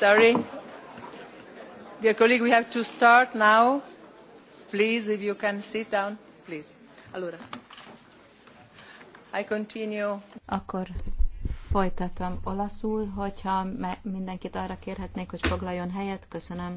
sorry. Dear colleague, we have to start now. Please, if you can sit down, please. Allora. I continue. Akkor folytatom olaszul, hogyha mindenkit arra kérhetnék, hogy foglaljon helyet. Köszönöm.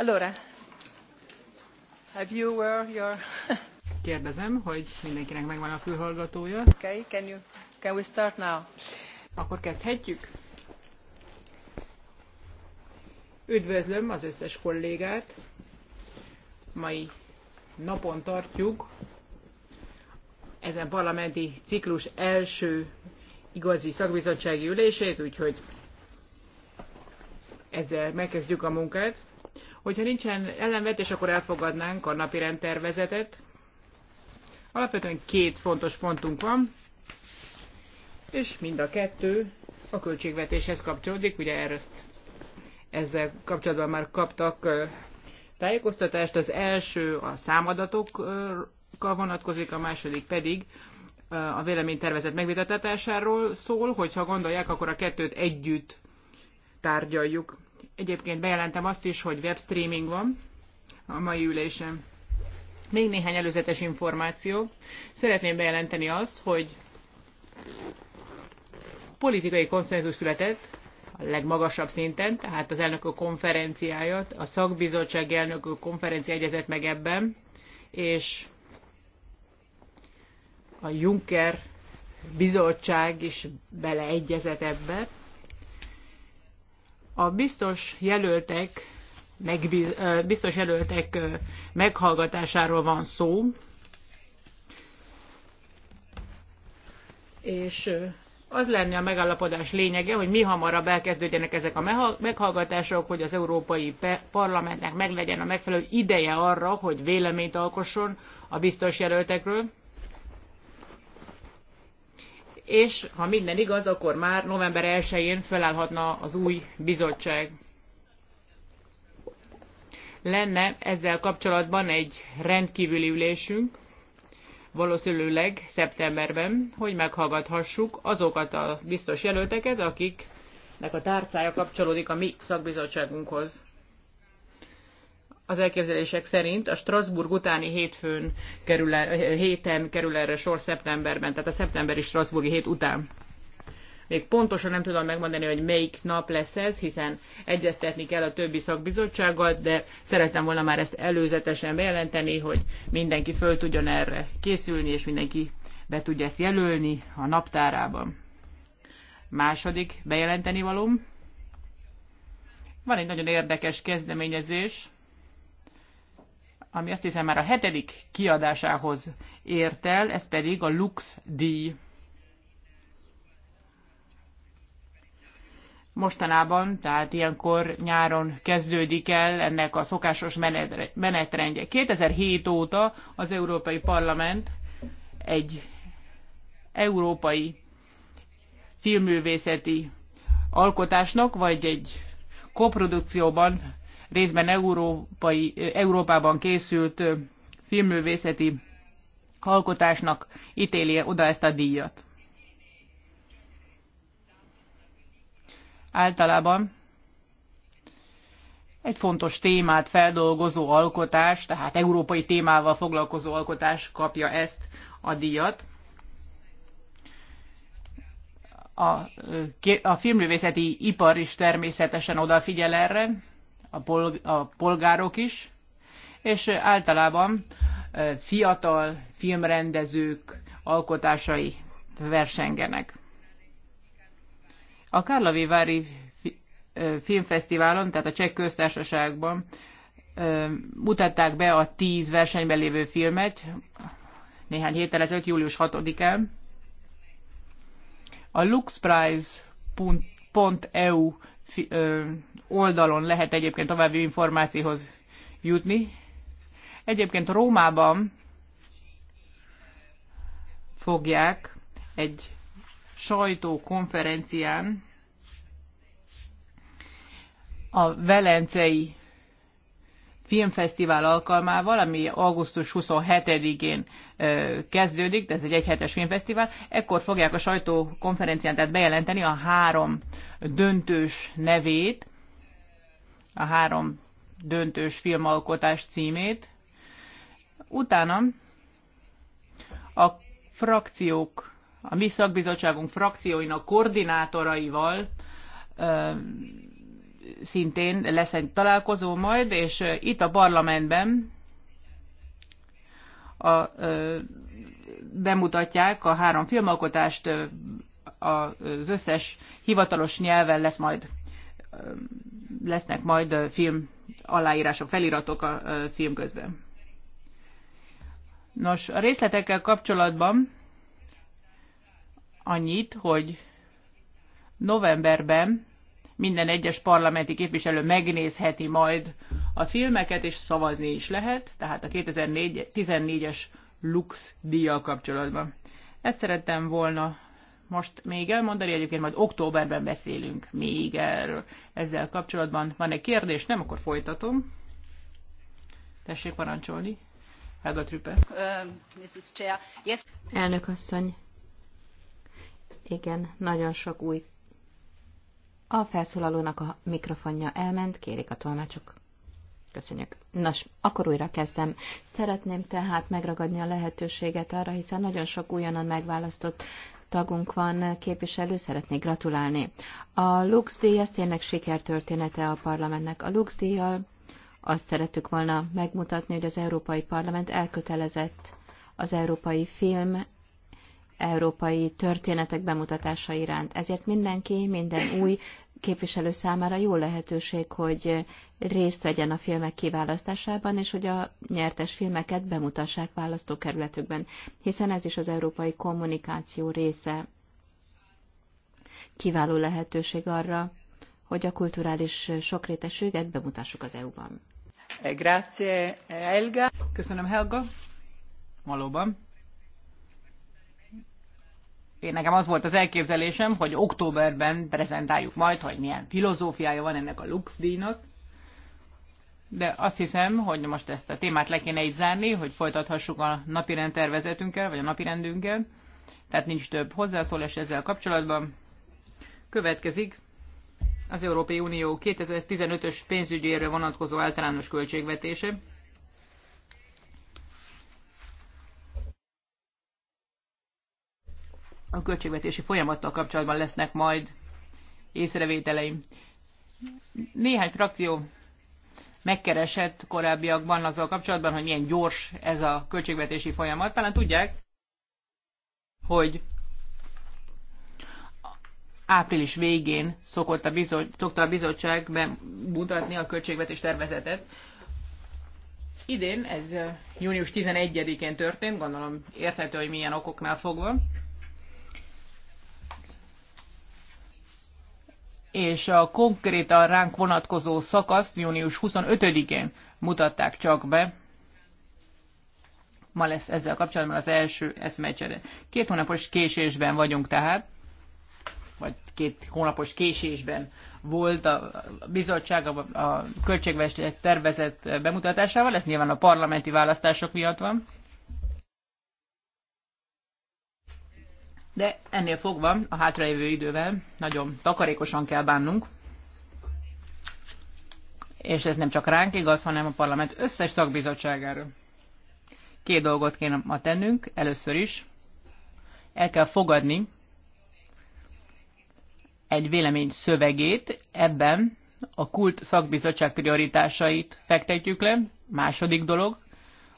Allora, have you were uh, your... Kérdezem, hogy mindenkinek megvan a fülhallgatója. Okay, can you, can we start now? Akkor kezdhetjük. Üdvözlöm az összes kollégát. Mai napon tartjuk ezen parlamenti ciklus első igazi szakbizottsági ülését, úgyhogy ezzel megkezdjük a munkát. Hogyha nincsen ellenvetés, akkor elfogadnánk a napi rendtervezetet. Alapvetően két fontos pontunk van, és mind a kettő a költségvetéshez kapcsolódik, ugye ezt, ezzel kapcsolatban már kaptak tájékoztatást. Az első a számadatokkal vonatkozik, a második pedig a véleménytervezet megvitatásáról szól, hogyha gondolják, akkor a kettőt együtt tárgyaljuk. Egyébként bejelentem azt is, hogy webstreaming van a mai ülésen. Még néhány előzetes információ. Szeretném bejelenteni azt, hogy politikai konszenzus született a legmagasabb szinten, tehát az elnökök konferenciája, a szakbizottság elnökök konferencia egyezett meg ebben, és a Juncker bizottság is beleegyezett ebben. A biztos jelöltek, megbiz, biztos jelöltek meghallgatásáról van szó, és az lenne a megállapodás lényege, hogy mi hamarabb elkezdődjenek ezek a meghallgatások, hogy az Európai Parlamentnek meglegyen a megfelelő ideje arra, hogy véleményt alkosson a biztos jelöltekről és ha minden igaz, akkor már november 1-én felállhatna az új bizottság. Lenne ezzel kapcsolatban egy rendkívüli ülésünk, valószínűleg szeptemberben, hogy meghallgathassuk azokat a biztos jelölteket, akiknek a tárcája kapcsolódik a mi szakbizottságunkhoz az elképzelések szerint a Strasbourg utáni hétfőn kerül el, eh, héten kerül erre sor szeptemberben, tehát a szeptemberi Strasbourgi hét után. Még pontosan nem tudom megmondani, hogy melyik nap lesz ez, hiszen egyeztetni kell a többi szakbizottsággal, de szerettem volna már ezt előzetesen bejelenteni, hogy mindenki föl tudjon erre készülni, és mindenki be tudja ezt jelölni a naptárában. Második bejelenteni valóm. Van egy nagyon érdekes kezdeményezés, ami azt hiszem már a hetedik kiadásához ért el, ez pedig a Lux díj. Mostanában, tehát ilyenkor nyáron kezdődik el ennek a szokásos menetrendje. 2007 óta az Európai Parlament egy európai filmművészeti alkotásnak, vagy egy koprodukcióban részben európai, Európában készült filmművészeti alkotásnak ítéli oda ezt a díjat. Általában egy fontos témát feldolgozó alkotás, tehát európai témával foglalkozó alkotás kapja ezt a díjat. A, a filmművészeti ipar is természetesen odafigyel erre, a, polg- a polgárok is, és általában fiatal filmrendezők alkotásai versengenek. A Kárlavévári filmfesztiválon, tehát a Cseh köztársaságban mutatták be a tíz versenyben lévő filmet néhány héttel ezelőtt, július 6-án. A luxprize.eu oldalon lehet egyébként további információhoz jutni. Egyébként Rómában fogják egy sajtókonferencián a velencei filmfesztivál alkalmával, ami augusztus 27-én kezdődik, de ez egy egyhetes filmfesztivál, ekkor fogják a sajtókonferencián tehát bejelenteni a három döntős nevét, a három döntős filmalkotás címét. Utána a frakciók, a mi szakbizottságunk frakcióinak koordinátoraival szintén lesz egy találkozó majd, és itt a parlamentben a, bemutatják a három filmalkotást, az összes hivatalos nyelven lesz majd, lesznek majd film aláírások, feliratok a film közben. Nos, a részletekkel kapcsolatban annyit, hogy novemberben minden egyes parlamenti képviselő megnézheti majd a filmeket, és szavazni is lehet, tehát a 2014-es Lux díjjal kapcsolatban. Ezt szerettem volna most még elmondani, egyébként majd októberben beszélünk még erről. Ezzel kapcsolatban van egy kérdés, nem? Akkor folytatom. Tessék parancsolni. Helga Trüppe. Uh, Elnök asszony. Igen, nagyon sok új a felszólalónak a mikrofonja elment, kérik a tolmácsok. Köszönjük. Nos, akkor újra kezdem. Szeretném tehát megragadni a lehetőséget arra, hiszen nagyon sok újonnan megválasztott tagunk van, képviselő, szeretnék gratulálni. A Lux díj tényleg sikertörténete a parlamentnek. A Lux díjjal azt szerettük volna megmutatni, hogy az Európai Parlament elkötelezett az európai film európai történetek bemutatása iránt. Ezért mindenki, minden új képviselő számára jó lehetőség, hogy részt vegyen a filmek kiválasztásában, és hogy a nyertes filmeket bemutassák választókerületükben, hiszen ez is az európai kommunikáció része. Kiváló lehetőség arra, hogy a kulturális sokrétességet bemutassuk az EU-ban. Grazie, Helga. Köszönöm, Helga. Valóban én nekem az volt az elképzelésem, hogy októberben prezentáljuk majd, hogy milyen filozófiája van ennek a Lux díjnak, de azt hiszem, hogy most ezt a témát le kéne így zárni, hogy folytathassuk a napirend tervezetünkkel, vagy a napirendünkkel. Tehát nincs több hozzászólás ezzel kapcsolatban. Következik az Európai Unió 2015-ös pénzügyéről vonatkozó általános költségvetése. a költségvetési folyamattal kapcsolatban lesznek majd észrevételeim. Néhány frakció megkeresett korábbiakban azzal kapcsolatban, hogy milyen gyors ez a költségvetési folyamat. Talán tudják, hogy április végén szokott a bizottság, szokta a bizottság bemutatni a költségvetés tervezetet. Idén ez június 11-én történt, gondolom érthető, hogy milyen okoknál fogva. és a konkrétan ránk vonatkozó szakaszt június 25-én mutatták csak be. Ma lesz ezzel kapcsolatban az első eszmecsere. Két hónapos késésben vagyunk tehát, vagy két hónapos késésben volt a bizottság a, a költségvetés tervezett bemutatásával, ez nyilván a parlamenti választások miatt van. de ennél fogva a hátralévő idővel nagyon takarékosan kell bánnunk, és ez nem csak ránk igaz, hanem a parlament összes szakbizottságára. Két dolgot kéne ma tennünk, először is el kell fogadni egy vélemény szövegét, ebben a kult szakbizottság prioritásait fektetjük le. Második dolog,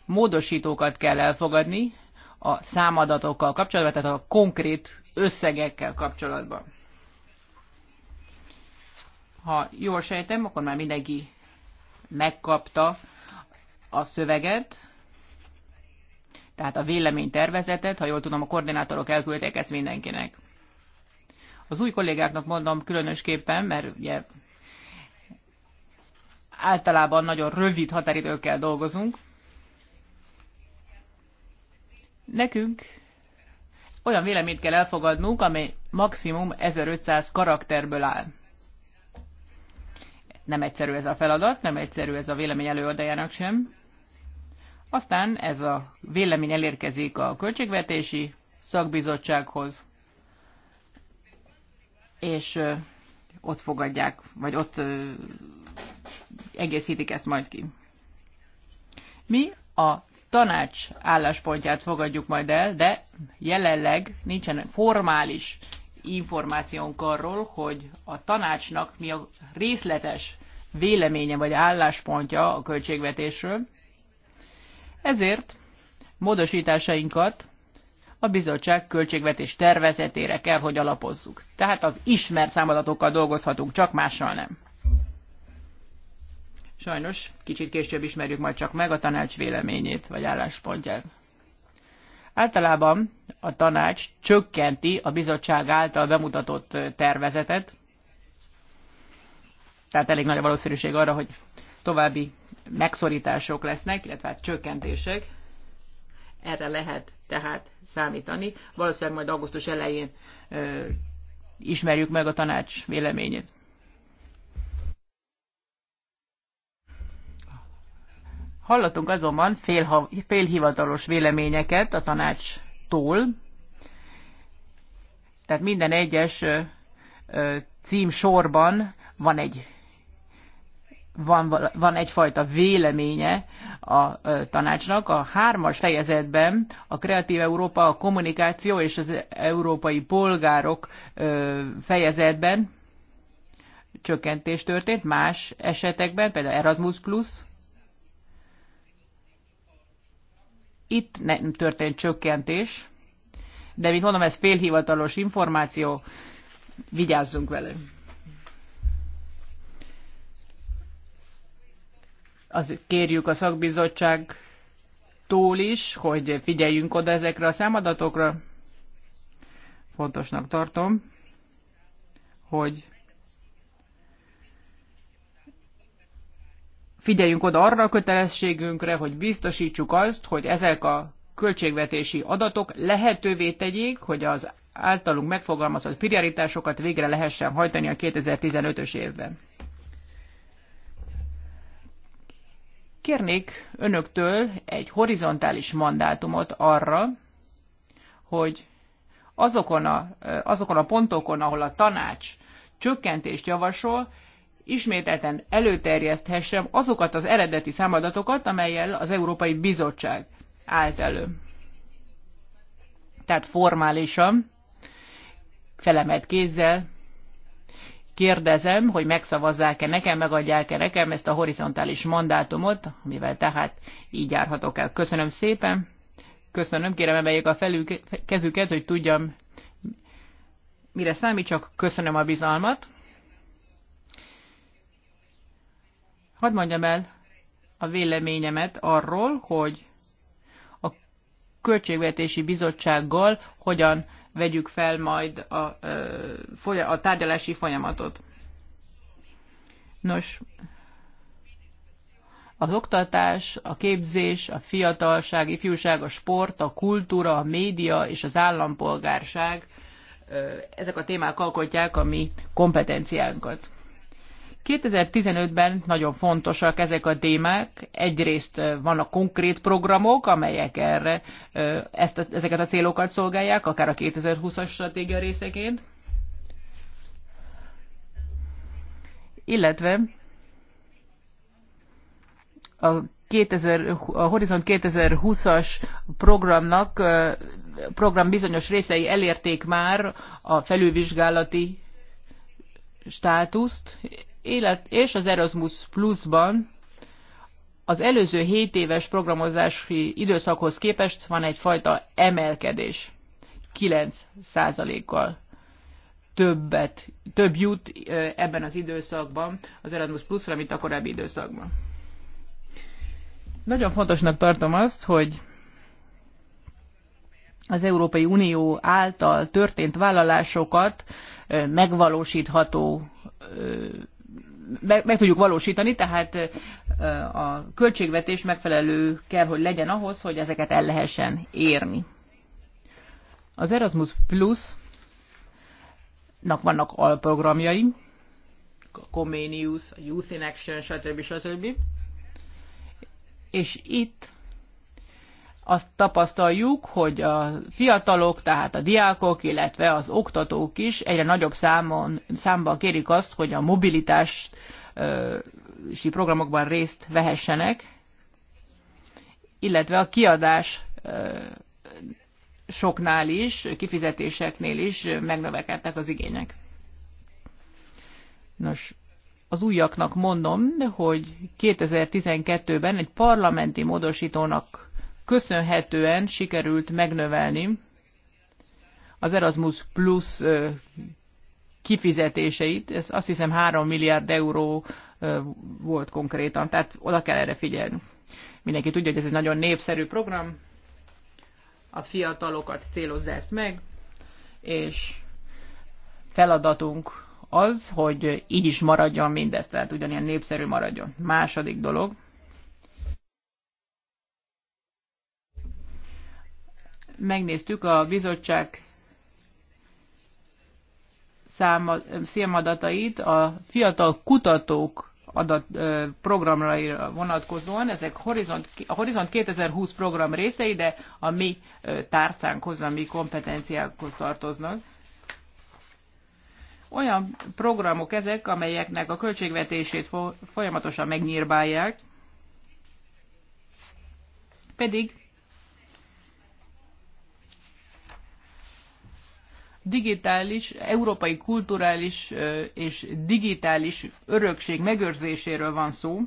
módosítókat kell elfogadni, a számadatokkal kapcsolatban, tehát a konkrét összegekkel kapcsolatban. Ha jól sejtem, akkor már mindenki megkapta a szöveget, tehát a véleménytervezetet, ha jól tudom, a koordinátorok elküldték ezt mindenkinek. Az új kollégáknak mondom különösképpen, mert ugye általában nagyon rövid határidőkkel dolgozunk, Nekünk olyan véleményt kell elfogadnunk, amely maximum 1500 karakterből áll. Nem egyszerű ez a feladat, nem egyszerű ez a vélemény előadájának sem. Aztán ez a vélemény elérkezik a költségvetési szakbizottsághoz, és ott fogadják, vagy ott egészítik ezt majd ki. Mi a tanács álláspontját fogadjuk majd el, de jelenleg nincsen formális információnk arról, hogy a tanácsnak mi a részletes véleménye vagy álláspontja a költségvetésről. Ezért módosításainkat a bizottság költségvetés tervezetére kell, hogy alapozzuk. Tehát az ismert számadatokkal dolgozhatunk, csak mással nem. Sajnos kicsit később ismerjük majd csak meg a tanács véleményét vagy álláspontját. Általában a tanács csökkenti a bizottság által bemutatott tervezetet, tehát elég nagy a valószínűség arra, hogy további megszorítások lesznek, illetve hát csökkentések. Erre lehet tehát számítani. Valószínűleg majd augusztus elején ö, ismerjük meg a tanács véleményét. Hallottunk azonban fél, félhivatalos véleményeket a tanácstól, tehát minden egyes cím sorban van egy van, van egyfajta véleménye a tanácsnak. A hármas fejezetben a Kreatív Európa, a kommunikáció és az európai polgárok fejezetben csökkentés történt, más esetekben, például Erasmus Plus, Itt nem történt csökkentés, de mint mondom, ez félhivatalos információ, vigyázzunk vele. Az kérjük a szakbizottság túl is, hogy figyeljünk oda ezekre a számadatokra. Fontosnak tartom, hogy figyeljünk oda arra a kötelességünkre, hogy biztosítsuk azt, hogy ezek a költségvetési adatok lehetővé tegyék, hogy az általunk megfogalmazott prioritásokat végre lehessen hajtani a 2015-ös évben. Kérnék önöktől egy horizontális mandátumot arra, hogy azokon a, azokon a pontokon, ahol a tanács csökkentést javasol, ismételten előterjeszthessem azokat az eredeti számadatokat, amelyel az Európai Bizottság állt elő. Tehát formálisan, felemelt kézzel kérdezem, hogy megszavazzák-e nekem, megadják-e nekem ezt a horizontális mandátumot, amivel tehát így járhatok el. Köszönöm szépen, köszönöm, kérem emeljék a felük, kezüket, hogy tudjam, mire számít, csak köszönöm a bizalmat. Hadd mondjam el a véleményemet arról, hogy a Költségvetési Bizottsággal hogyan vegyük fel majd a, a tárgyalási folyamatot. Nos, az oktatás, a képzés, a fiatalság, ifjúság, a sport, a kultúra, a média és az állampolgárság, ezek a témák alkotják a mi kompetenciánkat. 2015-ben nagyon fontosak ezek a témák. Egyrészt vannak konkrét programok, amelyek erre ezt a, ezeket a célokat szolgálják, akár a 2020-as stratégia részeként. Illetve a, 2000, a Horizont 2020-as programnak program bizonyos részei elérték már a felülvizsgálati státuszt, élet, és az Erasmus Plus-ban az előző 7 éves programozási időszakhoz képest van egyfajta emelkedés. 9%-kal többet, több jut ebben az időszakban az Erasmus Plus-ra, mint a korábbi időszakban. Nagyon fontosnak tartom azt, hogy az Európai Unió által történt vállalásokat megvalósítható meg, meg tudjuk valósítani, tehát a költségvetés megfelelő kell, hogy legyen ahhoz, hogy ezeket el lehessen érni. Az Erasmus Plus-nak vannak alprogramjai, Comenius, Youth in Action, stb. stb. És itt azt tapasztaljuk, hogy a fiatalok, tehát a diákok, illetve az oktatók is egyre nagyobb számon, számban kérik azt, hogy a mobilitási programokban részt vehessenek, illetve a kiadás soknál is, kifizetéseknél is megnövekedtek az igények. Nos, az újaknak mondom, hogy 2012-ben egy parlamenti módosítónak köszönhetően sikerült megnövelni az Erasmus Plus kifizetéseit, ez azt hiszem 3 milliárd euró volt konkrétan, tehát oda kell erre figyelni. Mindenki tudja, hogy ez egy nagyon népszerű program, a fiatalokat célozza ezt meg, és feladatunk az, hogy így is maradjon mindez, tehát ugyanilyen népszerű maradjon. Második dolog, megnéztük a bizottság számadatait a fiatal kutatók adat programra vonatkozóan. Ezek Horizont, a Horizont 2020 program részei, de a mi tárcánkhoz, a mi kompetenciákhoz tartoznak. Olyan programok ezek, amelyeknek a költségvetését folyamatosan megnyírbálják, pedig digitális, európai kulturális és digitális örökség megőrzéséről van szó,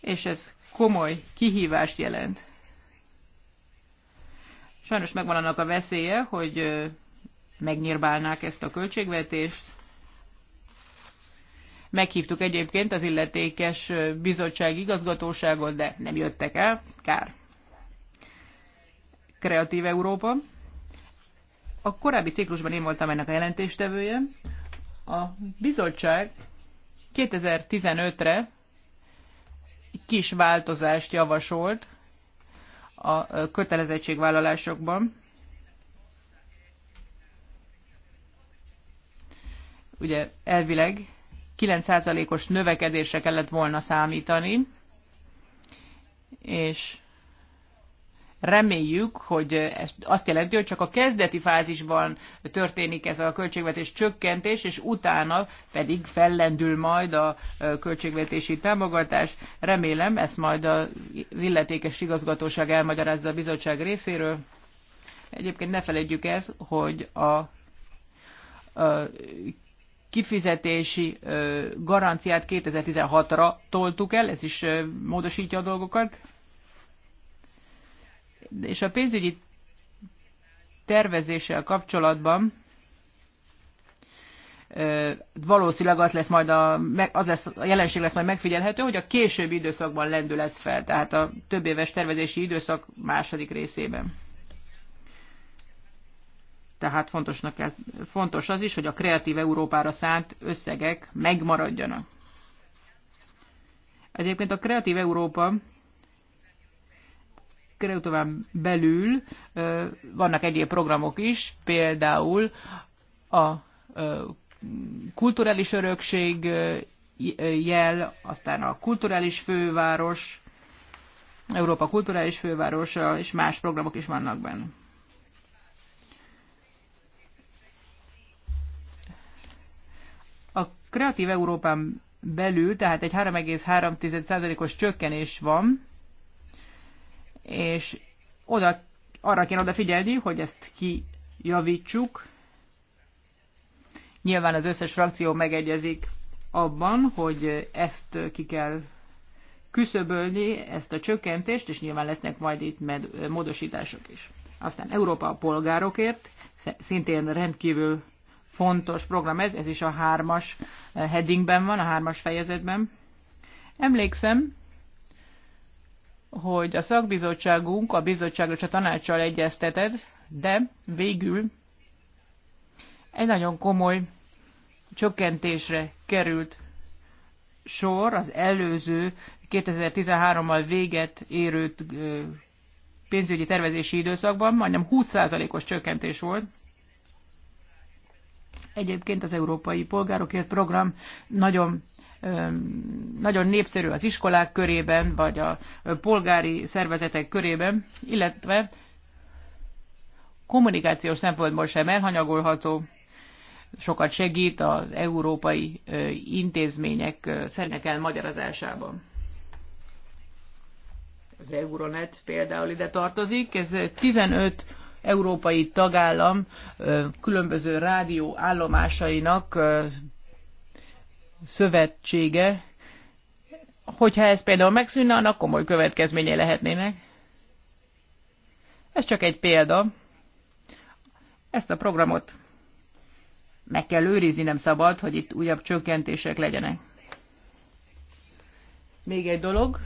és ez komoly kihívást jelent. Sajnos megvan annak a veszélye, hogy megnyírbálnák ezt a költségvetést. Meghívtuk egyébként az illetékes bizottság igazgatóságot, de nem jöttek el. Kár. Kreatív Európa. A korábbi ciklusban én voltam ennek a jelentéstevője. A bizottság 2015-re kis változást javasolt a kötelezettségvállalásokban. Ugye elvileg 9%-os növekedésre kellett volna számítani, és Reméljük, hogy ez azt jelenti, hogy csak a kezdeti fázisban történik ez a költségvetés csökkentés, és utána pedig fellendül majd a költségvetési támogatás. Remélem, ezt majd a illetékes igazgatóság elmagyarázza a bizottság részéről. Egyébként ne felejtjük ezt, hogy a, a kifizetési garanciát 2016-ra toltuk el, ez is módosítja a dolgokat. És a pénzügyi tervezéssel kapcsolatban valószínűleg az lesz majd a, az lesz, a jelenség lesz majd megfigyelhető, hogy a későbbi időszakban lendül ez fel, tehát a több éves tervezési időszak második részében. Tehát fontosnak kell, fontos az is, hogy a kreatív Európára szánt összegek megmaradjanak. Egyébként a kreatív Európa Kreutöván belül vannak egyéb programok is, például a kulturális örökség jel, aztán a kulturális főváros, Európa kulturális fővárosa, és más programok is vannak benne. A Kreatív Európán belül, tehát egy 3,3%-os csökkenés van, és oda, arra kéne odafigyelni, hogy ezt kijavítsuk. Nyilván az összes frakció megegyezik abban, hogy ezt ki kell küszöbölni, ezt a csökkentést, és nyilván lesznek majd itt med, módosítások is. Aztán Európa a polgárokért, szintén rendkívül fontos program ez, ez is a hármas eh, headingben van, a hármas fejezetben. Emlékszem, hogy a szakbizottságunk a bizottságos a tanácssal egyeztetett, de végül egy nagyon komoly csökkentésre került sor az előző 2013-mal véget érő pénzügyi tervezési időszakban, majdnem 20%-os csökkentés volt. Egyébként az Európai Polgárokért Program nagyon nagyon népszerű az iskolák körében, vagy a polgári szervezetek körében, illetve kommunikációs szempontból sem elhanyagolható, sokat segít az európai intézmények szernek elmagyarázásában. Az Euronet például ide tartozik, ez 15 európai tagállam különböző rádió állomásainak szövetsége, hogyha ez például megszűnne, annak komoly következményei lehetnének. Ez csak egy példa. Ezt a programot meg kell őrizni, nem szabad, hogy itt újabb csökkentések legyenek. Még egy dolog,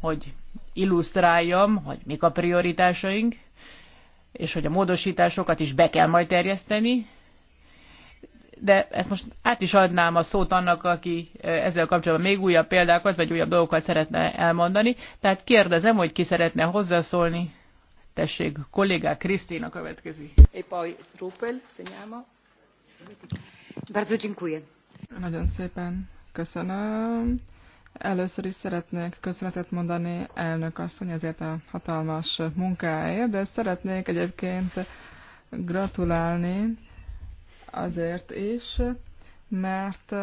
hogy illusztráljam, hogy mik a prioritásaink, és hogy a módosításokat is be kell majd terjeszteni, de ezt most át is adnám a szót annak, aki e, ezzel kapcsolatban még újabb példákat, vagy újabb dolgokat szeretne elmondani. Tehát kérdezem, hogy ki szeretne hozzászólni. Tessék, kollégák, Krisztina következik. E Bardzo dziękuję. Nagyon szépen köszönöm. Először is szeretnék köszönetet mondani elnök asszony ezért a hatalmas munkáért, de szeretnék egyébként gratulálni azért is, mert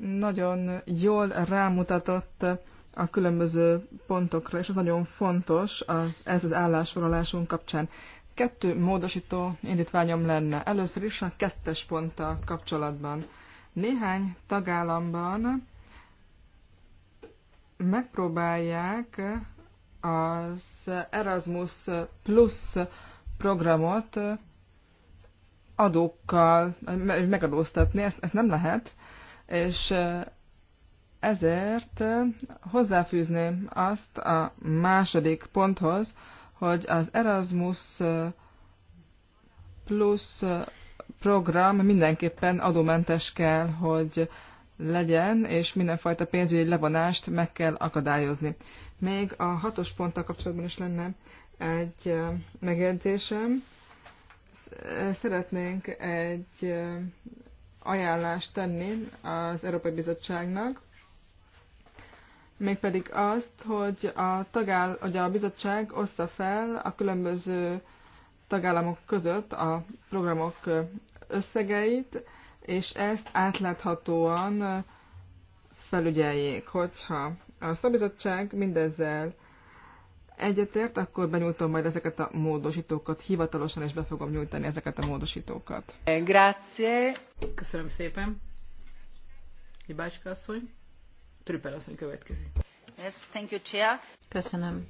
nagyon jól rámutatott a különböző pontokra, és ez nagyon fontos az, ez az állásfoglalásunk kapcsán. Kettő módosító indítványom lenne. Először is a kettes ponttal kapcsolatban. Néhány tagállamban megpróbálják az Erasmus Plus programot adókkal megadóztatni, ezt, ezt nem lehet, és ezért hozzáfűzném azt a második ponthoz, hogy az Erasmus plus program mindenképpen adómentes kell, hogy legyen, és mindenfajta pénzügyi levonást meg kell akadályozni. Még a hatos ponttal kapcsolatban is lenne egy megjegyzésem szeretnénk egy ajánlást tenni az Európai Bizottságnak, mégpedig azt, hogy a, tagáll, hogy a bizottság ossza fel a különböző tagállamok között a programok összegeit, és ezt átláthatóan felügyeljék, hogyha a szabizottság mindezzel egyetért, akkor benyújtom majd ezeket a módosítókat hivatalosan, és be fogom nyújtani ezeket a módosítókat. Grazie. Köszönöm szépen. Hibácska asszony. Trüppel asszony következik. Yes, thank you, Chair. Köszönöm.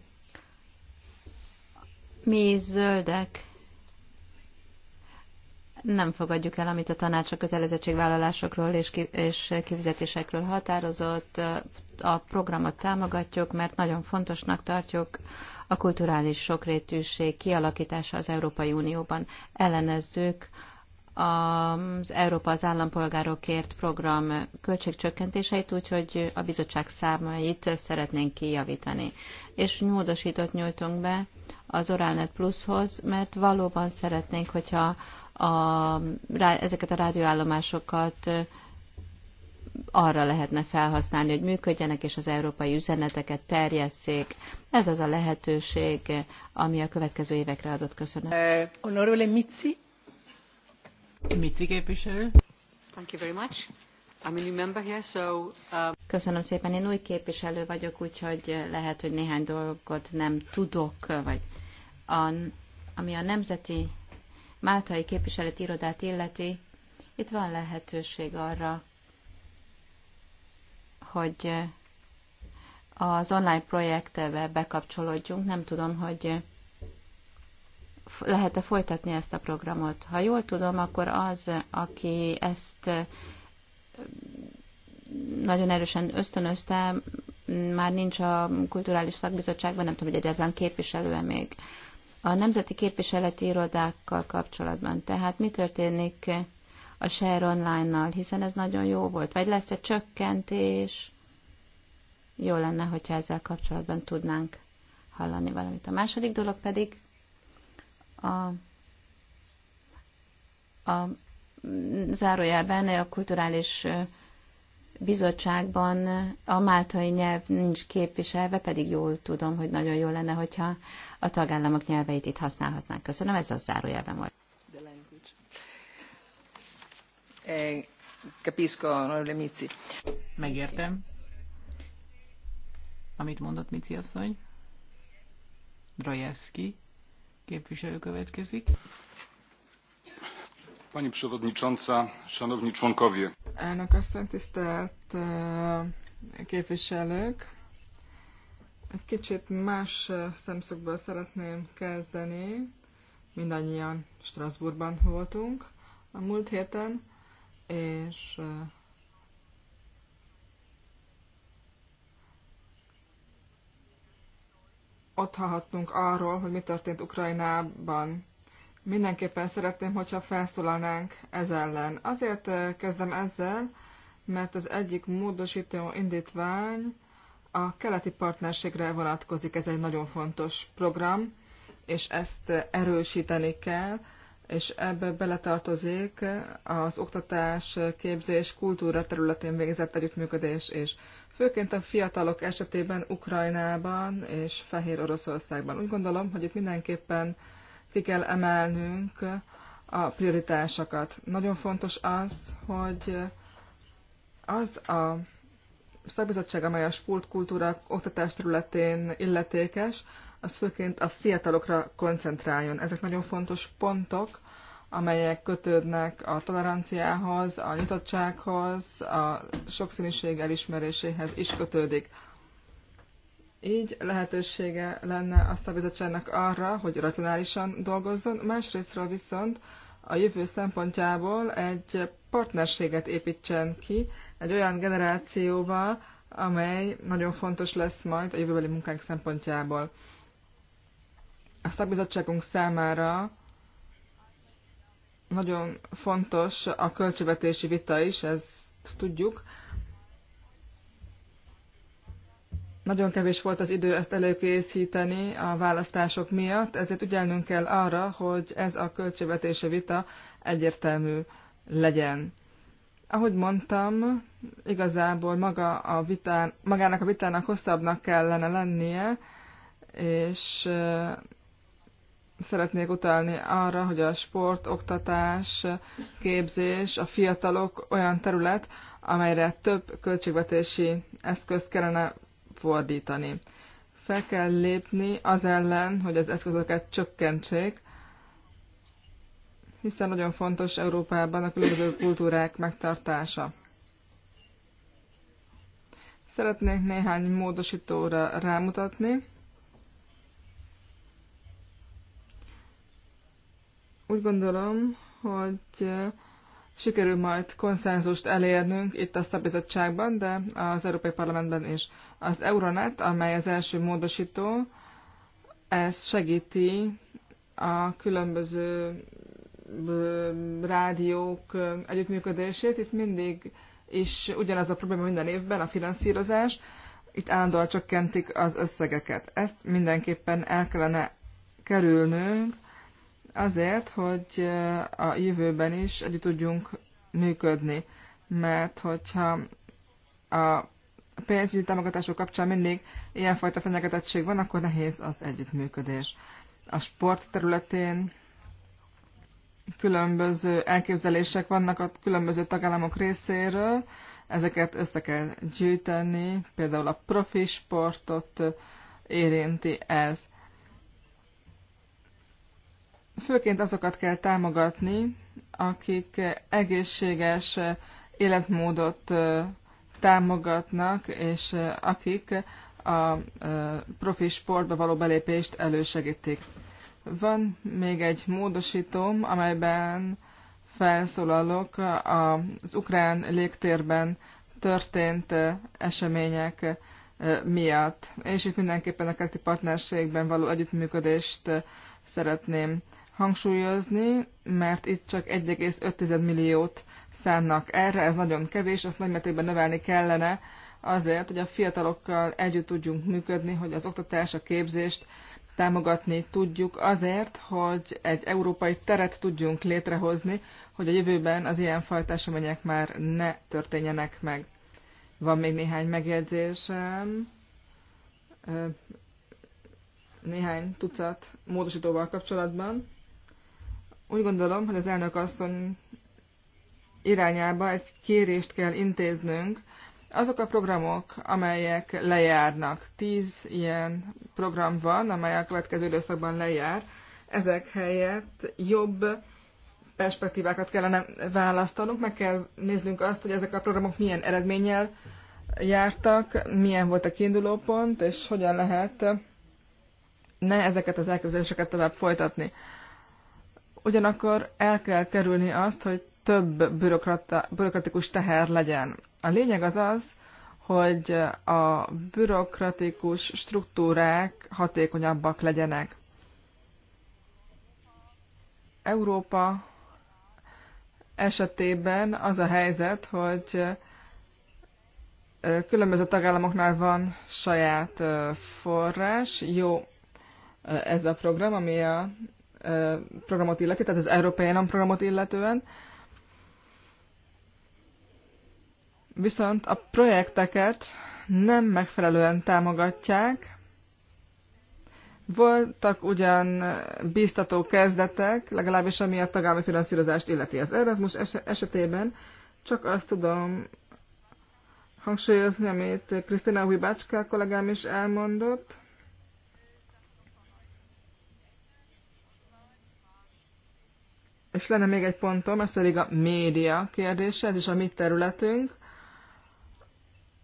Mi zöldek nem fogadjuk el, amit a tanács a kötelezettségvállalásokról és, ki, és kifizetésekről határozott. A programot támogatjuk, mert nagyon fontosnak tartjuk a kulturális sokrétűség kialakítása az Európai Unióban. Ellenezzük az Európa az állampolgárokért program költségcsökkentéseit, úgyhogy a bizottság számait szeretnénk kijavítani. És módosított nyújtunk be az Oralnet Plushoz, mert valóban szeretnénk, hogyha a, rá, ezeket a rádióállomásokat arra lehetne felhasználni, hogy működjenek, és az európai üzeneteket terjesszék. Ez az a lehetőség, ami a következő évekre adott. Köszönöm. Uh, eh, honorable Mitzi. Thank you very much. I'm a new member here, so, uh, Köszönöm szépen, én új képviselő vagyok, úgyhogy lehet, hogy néhány dolgot nem tudok, vagy a, ami a Nemzeti Máltai Képviselet Irodát illeti, itt van lehetőség arra, hogy az online projektbe bekapcsolódjunk. Nem tudom, hogy lehet-e folytatni ezt a programot. Ha jól tudom, akkor az, aki ezt nagyon erősen ösztönözte, már nincs a kulturális szakbizottságban, nem tudom, hogy egyetlen képviselő még. A nemzeti képviseleti irodákkal kapcsolatban, tehát mi történik a Share Online-nal, hiszen ez nagyon jó volt, vagy lesz-e csökkentés? Jó lenne, hogyha ezzel kapcsolatban tudnánk hallani valamit. A második dolog pedig, a, a zárójelben a kulturális bizottságban a máltai nyelv nincs képviselve, pedig jól tudom, hogy nagyon jó lenne, hogyha a tagállamok nyelveit itt használhatnánk. Köszönöm, ez a zárójelben volt. Eh, capisco, onorevole Mici. Megértem. Amit mondott Mici asszony. Drajewski képviselő következik. Pani Przewodnicząca, Szanowni Członkowie. Elnök asszony, tisztelt e, képviselők! Egy kicsit más e, szemszögből szeretném kezdeni. Mindannyian Strasbourgban voltunk a múlt héten, és e, ott hallhattunk arról, hogy mi történt Ukrajnában. Mindenképpen szeretném, hogyha felszólalnánk ez ellen. Azért kezdem ezzel, mert az egyik módosító indítvány a keleti partnerségre vonatkozik. Ez egy nagyon fontos program, és ezt erősíteni kell és ebbe beletartozik az oktatás, képzés, kultúra területén végzett együttműködés és főként a fiatalok esetében Ukrajnában és Fehér Oroszországban. Úgy gondolom, hogy itt mindenképpen ki kell emelnünk a prioritásokat. Nagyon fontos az, hogy az a szakbizottság, amely a sportkultúra oktatás területén illetékes, az főként a fiatalokra koncentráljon. Ezek nagyon fontos pontok, amelyek kötődnek a toleranciához, a nyitottsághoz, a sokszínűség elismeréséhez is kötődik. Így lehetősége lenne a szakbizottságnak arra, hogy racionálisan dolgozzon, másrésztről viszont a jövő szempontjából egy partnerséget építsen ki egy olyan generációval, amely nagyon fontos lesz majd a jövőbeli munkánk szempontjából a szakbizottságunk számára nagyon fontos a költségvetési vita is, ezt tudjuk. Nagyon kevés volt az idő ezt előkészíteni a választások miatt, ezért ügyelnünk kell arra, hogy ez a költségvetési vita egyértelmű legyen. Ahogy mondtam, igazából maga a vitán, magának a vitának hosszabbnak kellene lennie, és szeretnék utalni arra, hogy a sport, oktatás, képzés, a fiatalok olyan terület, amelyre több költségvetési eszközt kellene fordítani. Fel kell lépni az ellen, hogy az eszközöket csökkentsék, hiszen nagyon fontos Európában a különböző kultúrák megtartása. Szeretnék néhány módosítóra rámutatni. Úgy gondolom, hogy eh, sikerül majd konszenzust elérnünk itt a szabizottságban, de az Európai Parlamentben is. Az Euronet, amely az első módosító, ez segíti a különböző eh, rádiók eh, együttműködését. Itt mindig is ugyanaz a probléma minden évben, a finanszírozás. Itt állandóan csökkentik az összegeket. Ezt mindenképpen el kellene kerülnünk, Azért, hogy eh, a jövőben is együtt tudjunk működni, mert hogyha a pénzügyi támogatások kapcsán mindig ilyenfajta fenyegetettség van, akkor nehéz az együttműködés. A sport területén különböző elképzelések vannak a különböző tagállamok részéről, ezeket össze kell gyűjteni, például a profi sportot érinti ez. Főként azokat kell támogatni, akik egészséges életmódot támogatnak, és akik a profi sportba való belépést elősegítik. Van még egy módosítóm, amelyben felszólalok az ukrán légtérben történt események miatt. És itt mindenképpen a keleti partnerségben való együttműködést szeretném hangsúlyozni, mert itt csak 1,5 milliót szánnak erre, ez nagyon kevés, azt nagymértékben növelni kellene azért, hogy a fiatalokkal együtt tudjunk működni, hogy az oktatás, a képzést támogatni tudjuk azért, hogy egy európai teret tudjunk létrehozni, hogy a jövőben az ilyen események már ne történjenek meg. Van még néhány megjegyzésem, néhány tucat módosítóval kapcsolatban. Úgy gondolom, hogy az elnök asszony irányába egy kérést kell intéznünk. Azok a programok, amelyek lejárnak, tíz ilyen program van, amely a következő időszakban lejár, ezek helyett jobb perspektívákat kellene választanunk, meg kell néznünk azt, hogy ezek a programok milyen eredménnyel jártak, milyen volt a kiinduló pont, és hogyan lehet ne ezeket az elképzeléseket tovább folytatni ugyanakkor el kell kerülni azt, hogy több bürokratikus teher legyen. A lényeg az az, hogy a bürokratikus struktúrák hatékonyabbak legyenek. Európa esetében az a helyzet, hogy különböző tagállamoknál van saját forrás. Jó ez a program, ami a programot illeti, tehát az Európai nem programot illetően. Viszont a projekteket nem megfelelően támogatják. Voltak ugyan bíztató kezdetek, legalábbis ami a tagállami finanszírozást illeti. Az Erasmus esetében csak azt tudom hangsúlyozni, amit Krisztina Hujbácska kollégám is elmondott, És lenne még egy pontom, ez pedig a média kérdése, ez is a mi területünk.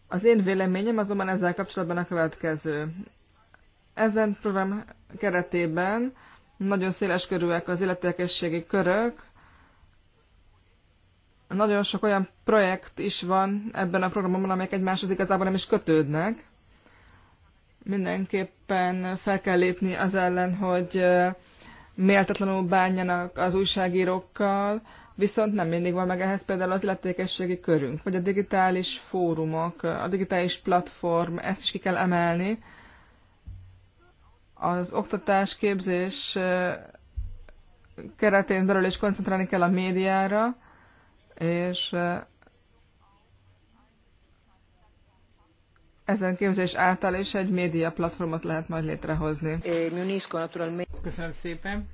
Az én véleményem azonban ezzel kapcsolatban a következő. Ezen program keretében nagyon széles körűek az illetékességi körök, nagyon sok olyan projekt is van ebben a programban, amelyek egymáshoz igazából nem is kötődnek. Mindenképpen fel kell lépni az ellen, hogy méltatlanul bánjanak az újságírókkal, viszont nem mindig van meg ehhez például az illetékességi körünk, vagy a digitális fórumok, a digitális platform, ezt is ki kell emelni. Az oktatás, képzés keretén belül is koncentrálni kell a médiára, és ezen képzés által is egy média platformot lehet majd létrehozni. Eh, Köszönöm szépen.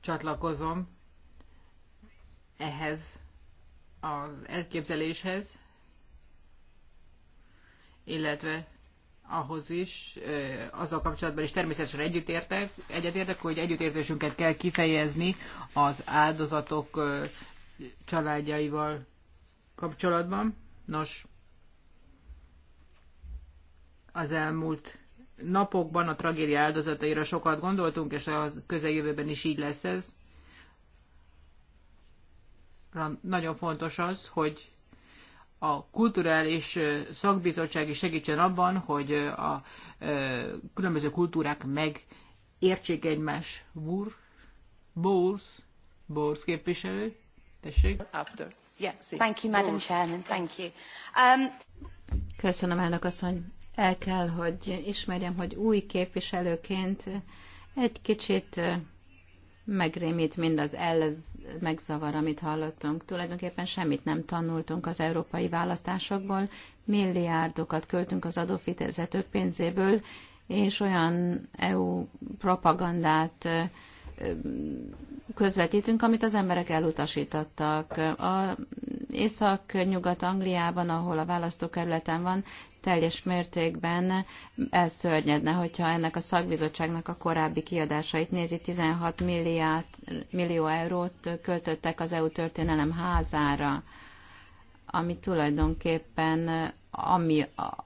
Csatlakozom ehhez az elképzeléshez, illetve ahhoz is, eh, azzal kapcsolatban is természetesen együttértek, egyetértek, hogy együttérzésünket kell kifejezni az áldozatok eh, családjaival kapcsolatban. Nos, az elmúlt napokban a tragédia áldozataira sokat gondoltunk, és a közeljövőben is így lesz ez. Nagyon fontos az, hogy a kulturális szakbizottság is segítsen abban, hogy a különböző kultúrák megértsék egymás. Bur, Bors, Bowles képviselő, tessék. After. Yeah, Thank you, Madam Chairman. Thank you. Um... Köszönöm, elnök asszony el kell, hogy ismerjem, hogy új képviselőként egy kicsit megrémít mind az ellez megzavar, amit hallottunk. Tulajdonképpen semmit nem tanultunk az európai választásokból, milliárdokat költünk az adófizetők pénzéből, és olyan EU propagandát közvetítünk, amit az emberek elutasítottak. A Észak-Nyugat-Angliában, ahol a választókerületen van, teljes mértékben elszörnyedne, hogyha ennek a szakbizottságnak a korábbi kiadásait nézi. 16 milliárd, millió eurót költöttek az EU történelem házára, ami tulajdonképpen ami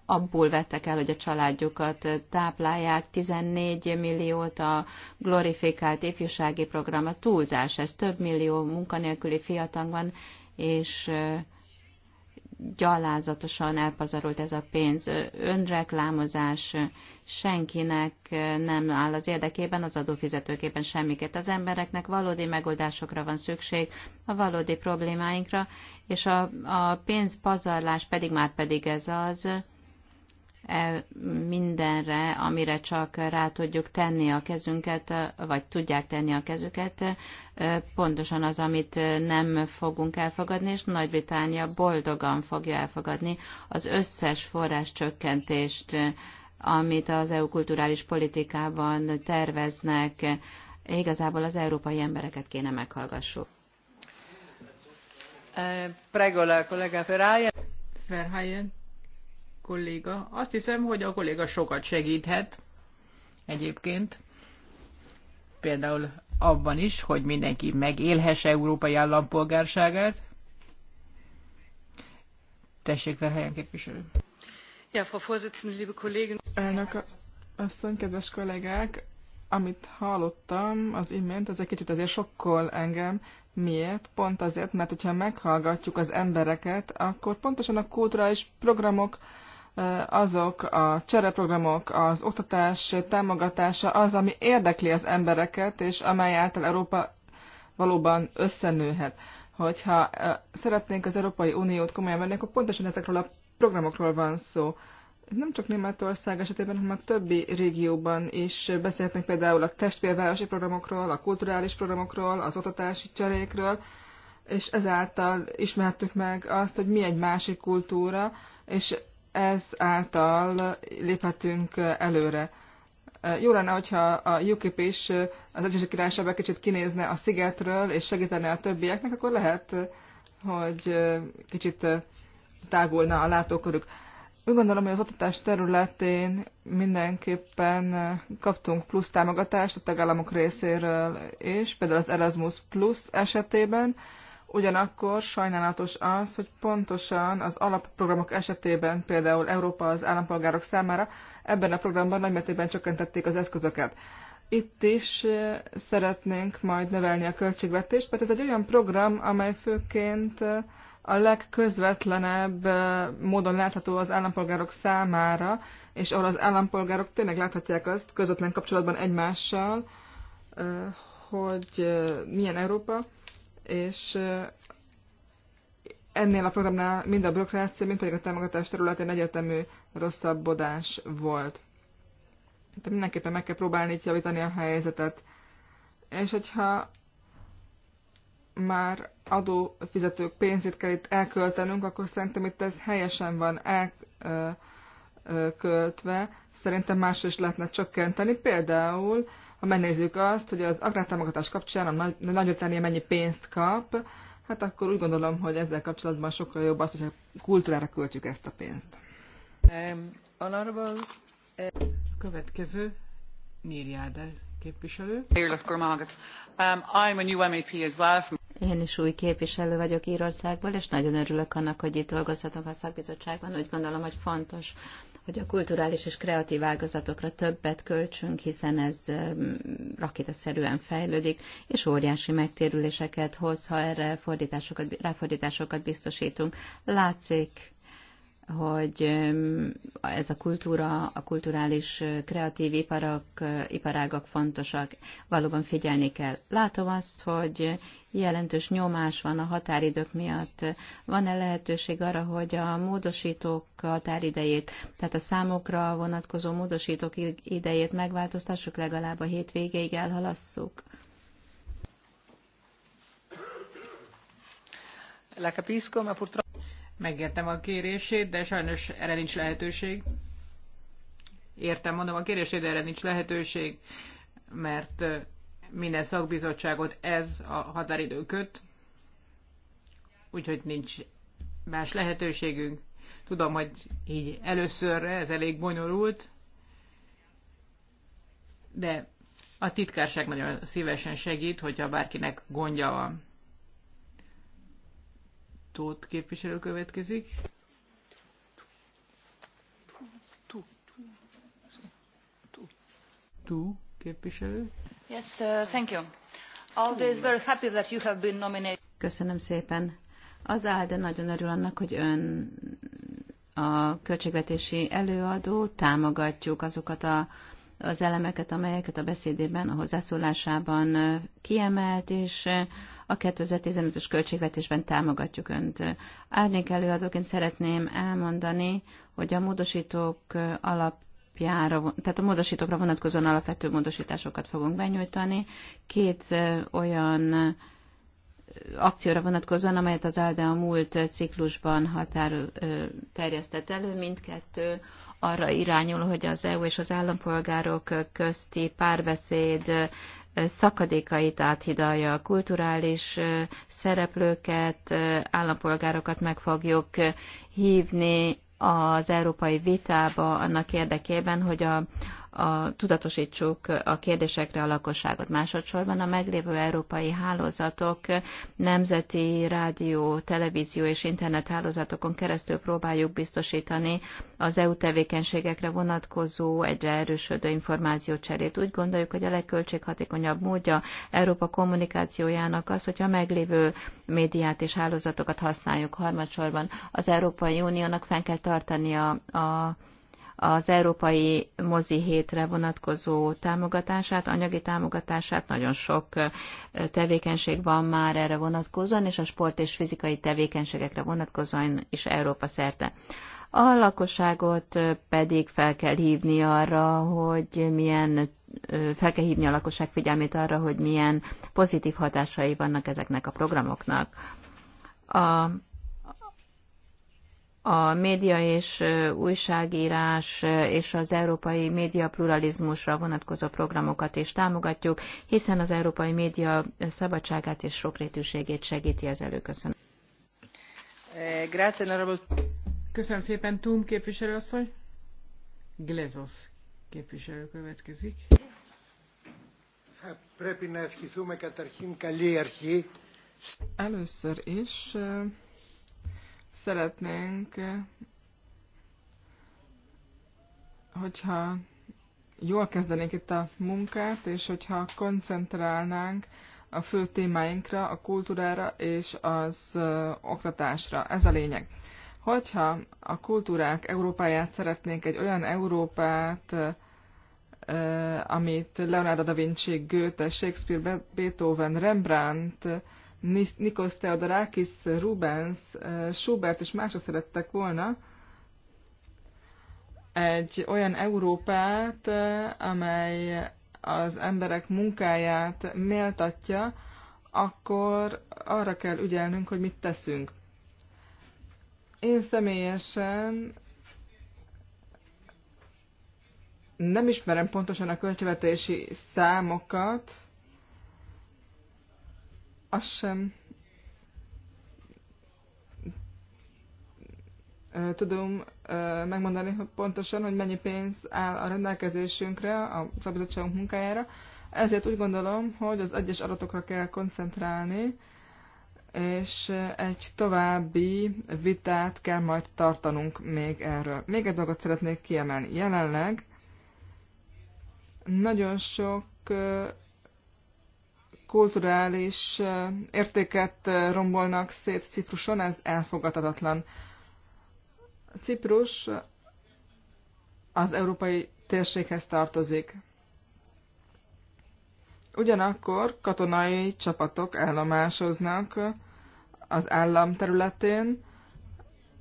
abból vettek el, hogy a családjukat táplálják, 14 milliót a glorifikált ifjúsági program, a túlzás, ez több millió munkanélküli fiatal van, és gyalázatosan elpazarolt ez a pénz, önreklámozás, senkinek nem áll az érdekében, az adófizetőkében semmiket. Az embereknek valódi megoldásokra van szükség, a valódi problémáinkra, és a, a pénzpazarlás pedig már pedig ez az, mindenre, amire csak rá tudjuk tenni a kezünket, vagy tudják tenni a kezüket, pontosan az, amit nem fogunk elfogadni, és Nagy-Británia boldogan fogja elfogadni az összes forrás csökkentést, amit az EU kulturális politikában terveznek. Igazából az európai embereket kéne meghallgassuk. Pregola, kollega Ferhajen. Ferhajen kolléga. Azt hiszem, hogy a kolléga sokat segíthet egyébként. Például abban is, hogy mindenki megélhesse európai állampolgárságát. Tessék, helyen képviselő. Ja, Frau Vorsitzende, liebe Kollegen. Elnök asszony, kedves kollégák, amit hallottam az imént, ez egy kicsit azért sokkol engem. Miért? Pont azért, mert hogyha meghallgatjuk az embereket, akkor pontosan a kulturális programok azok a csereprogramok, az oktatás támogatása az, ami érdekli az embereket, és amely által Európa valóban összenőhet. Hogyha szeretnénk az Európai Uniót komolyan venni, akkor pontosan ezekről a programokról van szó. Nem csak Németország esetében, hanem a többi régióban is beszélhetnek például a testvérvárosi programokról, a kulturális programokról, az oktatási cserékről, és ezáltal ismertük meg azt, hogy mi egy másik kultúra, és ez által léphetünk előre. Jó lenne, hogyha a UKIP is az Egyesült Királyságban kicsit kinézne a szigetről, és segítene a többieknek, akkor lehet, hogy kicsit tágulna a látókörük. Úgy gondolom, hogy az oktatás területén mindenképpen kaptunk plusz támogatást a tagállamok részéről és például az Erasmus Plus esetében Ugyanakkor sajnálatos az, hogy pontosan az alapprogramok esetében, például Európa az állampolgárok számára, ebben a programban nagymértékben csökkentették az eszközöket. Itt is eh, szeretnénk majd növelni a költségvetést, mert ez egy olyan program, amely főként eh, a legközvetlenebb eh, módon látható az állampolgárok számára, és ahol az állampolgárok tényleg láthatják azt közvetlen kapcsolatban egymással, hogy milyen Európa, és ennél a programnál mind a bürokrácia, mind pedig a támogatás területén egyetemű rosszabbodás volt. Tehát mindenképpen meg kell próbálni itt javítani a helyzetet. És hogyha már adófizetők pénzét kell itt elköltenünk, akkor szerintem itt ez helyesen van elköltve. Szerintem más is lehetne csökkenteni. Például ha megnézzük azt, hogy az agrártámogatás kapcsán a nagy, Nagy-Britannia mennyi pénzt kap, hát akkor úgy gondolom, hogy ezzel kapcsolatban sokkal jobb az, hogyha kultúrára költjük ezt a pénzt. Um, honorable, uh... következő, Mirjádel képviselő. Um, I'm a new MEP as well from én is új képviselő vagyok Írországból, és nagyon örülök annak, hogy itt dolgozhatok a szakbizottságban. Úgy gondolom, hogy fontos, hogy a kulturális és kreatív ágazatokra többet költsünk, hiszen ez rakétaszerűen fejlődik, és óriási megtérüléseket hoz, ha erre fordításokat, ráfordításokat biztosítunk. Látszik hogy ez a kultúra, a kulturális kreatív iparak, iparágak fontosak, valóban figyelni kell. Látom azt, hogy jelentős nyomás van a határidők miatt. Van-e lehetőség arra, hogy a módosítók határidejét, tehát a számokra vonatkozó módosítók idejét megváltoztassuk, legalább a hétvégéig elhalasszuk? La capisco, ma purtroppo... Megértem a kérését, de sajnos erre nincs lehetőség. Értem, mondom, a kérését, de erre nincs lehetőség, mert minden szakbizottságot ez a határidő köt, úgyhogy nincs más lehetőségünk. Tudom, hogy így előszörre ez elég bonyolult, de a titkárság nagyon szívesen segít, hogyha bárkinek gondja van. Tóth képviselő következik. Tú képviselő. Yes, uh, thank you. Alde is very happy that you have been nominated. Köszönöm szépen. Az Alde nagyon örül annak, hogy ön a költségvetési előadó, támogatjuk azokat a, az elemeket, amelyeket a beszédében, a hozzászólásában uh, kiemelt, és uh, a 2015-ös költségvetésben támogatjuk Önt. Árnyék előadóként szeretném elmondani, hogy a módosítók alap Piára, tehát a módosítókra vonatkozóan alapvető módosításokat fogunk benyújtani. Két olyan akcióra vonatkozóan, amelyet az ALDE a múlt ciklusban határ terjesztett elő, mindkettő arra irányul, hogy az EU és az állampolgárok közti párbeszéd szakadékait áthidalja a kulturális szereplőket, állampolgárokat meg fogjuk hívni az európai vitába annak érdekében, hogy a, a, tudatosítsuk a kérdésekre a lakosságot. Másodszorban a meglévő európai hálózatok, nemzeti rádió, televízió és internet hálózatokon keresztül próbáljuk biztosítani az EU tevékenységekre vonatkozó egyre erősödő információcserét. Úgy gondoljuk, hogy a legköltséghatékonyabb módja Európa kommunikációjának az, hogy a meglévő médiát és hálózatokat használjuk. Harmadsorban az Európai Uniónak fenn kell tartania a, a az Európai Mozi hétre vonatkozó támogatását, anyagi támogatását. Nagyon sok tevékenység van már erre vonatkozóan, és a sport és fizikai tevékenységekre vonatkozóan is Európa szerte. A lakosságot pedig fel kell hívni arra, hogy milyen fel kell hívni a lakosság figyelmét arra, hogy milyen pozitív hatásai vannak ezeknek a programoknak. A a média és újságírás és az európai média pluralizmusra vonatkozó programokat is támogatjuk, hiszen az európai média szabadságát és sokrétűségét segíti az előköszönöm. Köszönöm szépen, Tum képviselőasszony. Glezos képviselő következik. Először is Szeretnénk, hogyha jól kezdenénk itt a munkát, és hogyha koncentrálnánk a fő témáinkra, a kultúrára és az oktatásra. Ez a lényeg. Hogyha a kultúrák Európáját szeretnénk, egy olyan Európát, amit Leonardo da Vinci, Goethe, Shakespeare, Beethoven, Rembrandt Nikos Theodorakis, Rubens, eh, Schubert és mások szerettek volna egy olyan Európát, eh, amely az emberek munkáját méltatja, akkor arra kell ügyelnünk, hogy mit teszünk. Én személyesen nem ismerem pontosan a költségvetési számokat, az sem tudom megmondani hogy pontosan, hogy mennyi pénz áll a rendelkezésünkre a szabadságunk munkájára. Ezért úgy gondolom, hogy az egyes adatokra kell koncentrálni, és egy további vitát kell majd tartanunk még erről. Még egy dolgot szeretnék kiemelni. Jelenleg nagyon sok kulturális értéket rombolnak szét Cipruson, ez elfogadhatatlan. Ciprus az európai térséghez tartozik. Ugyanakkor katonai csapatok állomásoznak az állam területén,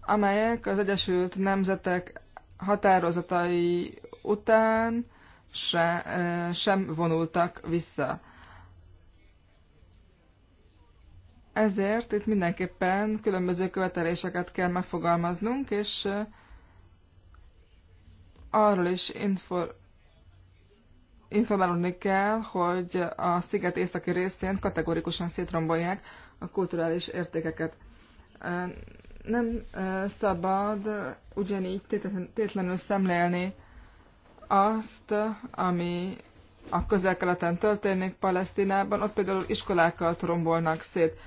amelyek az Egyesült Nemzetek határozatai után se, sem vonultak vissza. Ezért itt mindenképpen különböző követeléseket kell megfogalmaznunk, és eh, arról is infor, informálódni kell, hogy a sziget északi részén kategorikusan szétrombolják a kulturális értékeket. Eh, nem eh, szabad ugyanígy tétlenül szemlélni azt, ami a közel-keleten történik, Palesztinában, ott például iskolákat rombolnak szét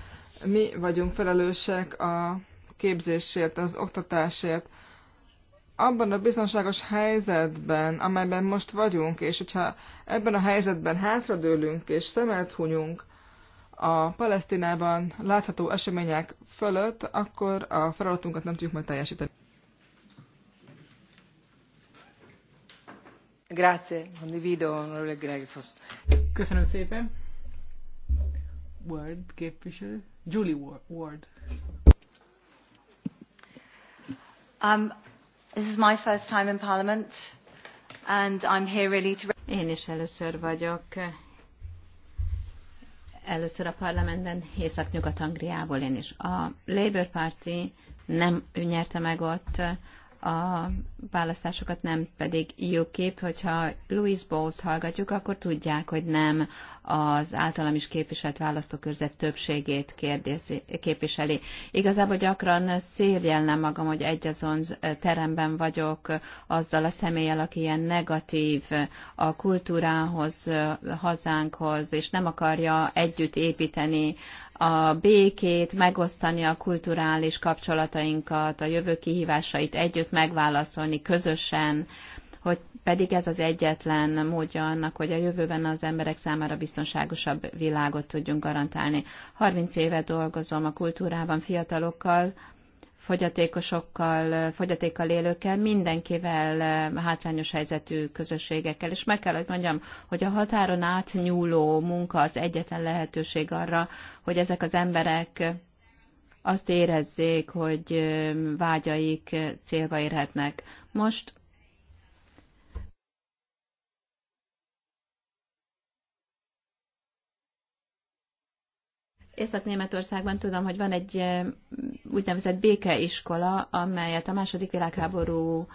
mi vagyunk felelősek a képzésért, az oktatásért. Abban a biztonságos helyzetben, amelyben most vagyunk, és hogyha ebben a helyzetben hátradőlünk és szemet hunyunk a Palesztinában látható események fölött, akkor a feladatunkat nem tudjuk majd teljesíteni. Grazie, condivido, onorevole Gregsos. Köszönöm szépen. Word képviselő. Julie Ward. Um, this is my first time in Parliament, and I'm here really to... Én is először vagyok eh, először a parlamentben, Észak-Nyugat-Angliából én is. A Labour Party nem nyerte meg ott eh, a választásokat, nem pedig UKIP. Hogyha Louis Bowles-t hallgatjuk, akkor tudják, hogy nem az általam is képviselt választókörzet többségét kérdezi, képviseli. Igazából gyakran szérjelnem magam, hogy egyazon teremben vagyok azzal a személlyel, aki ilyen negatív a kultúrához, hazánkhoz, és nem akarja együtt építeni a békét, megosztani a kulturális kapcsolatainkat, a jövő kihívásait együtt megválaszolni közösen, hogy pedig ez az egyetlen módja annak, hogy a jövőben az emberek számára biztonságosabb világot tudjunk garantálni. 30 éve dolgozom a kultúrában fiatalokkal, fogyatékosokkal, fogyatékkal élőkkel, mindenkivel, eh, hátrányos helyzetű közösségekkel. És meg kell, hogy mondjam, hogy a határon átnyúló munka az egyetlen lehetőség arra, hogy ezek az emberek azt érezzék, hogy eh, vágyaik eh, célba érhetnek. Most Észak-Németországban tudom, hogy van egy eh, úgynevezett békeiskola, amelyet a második világháború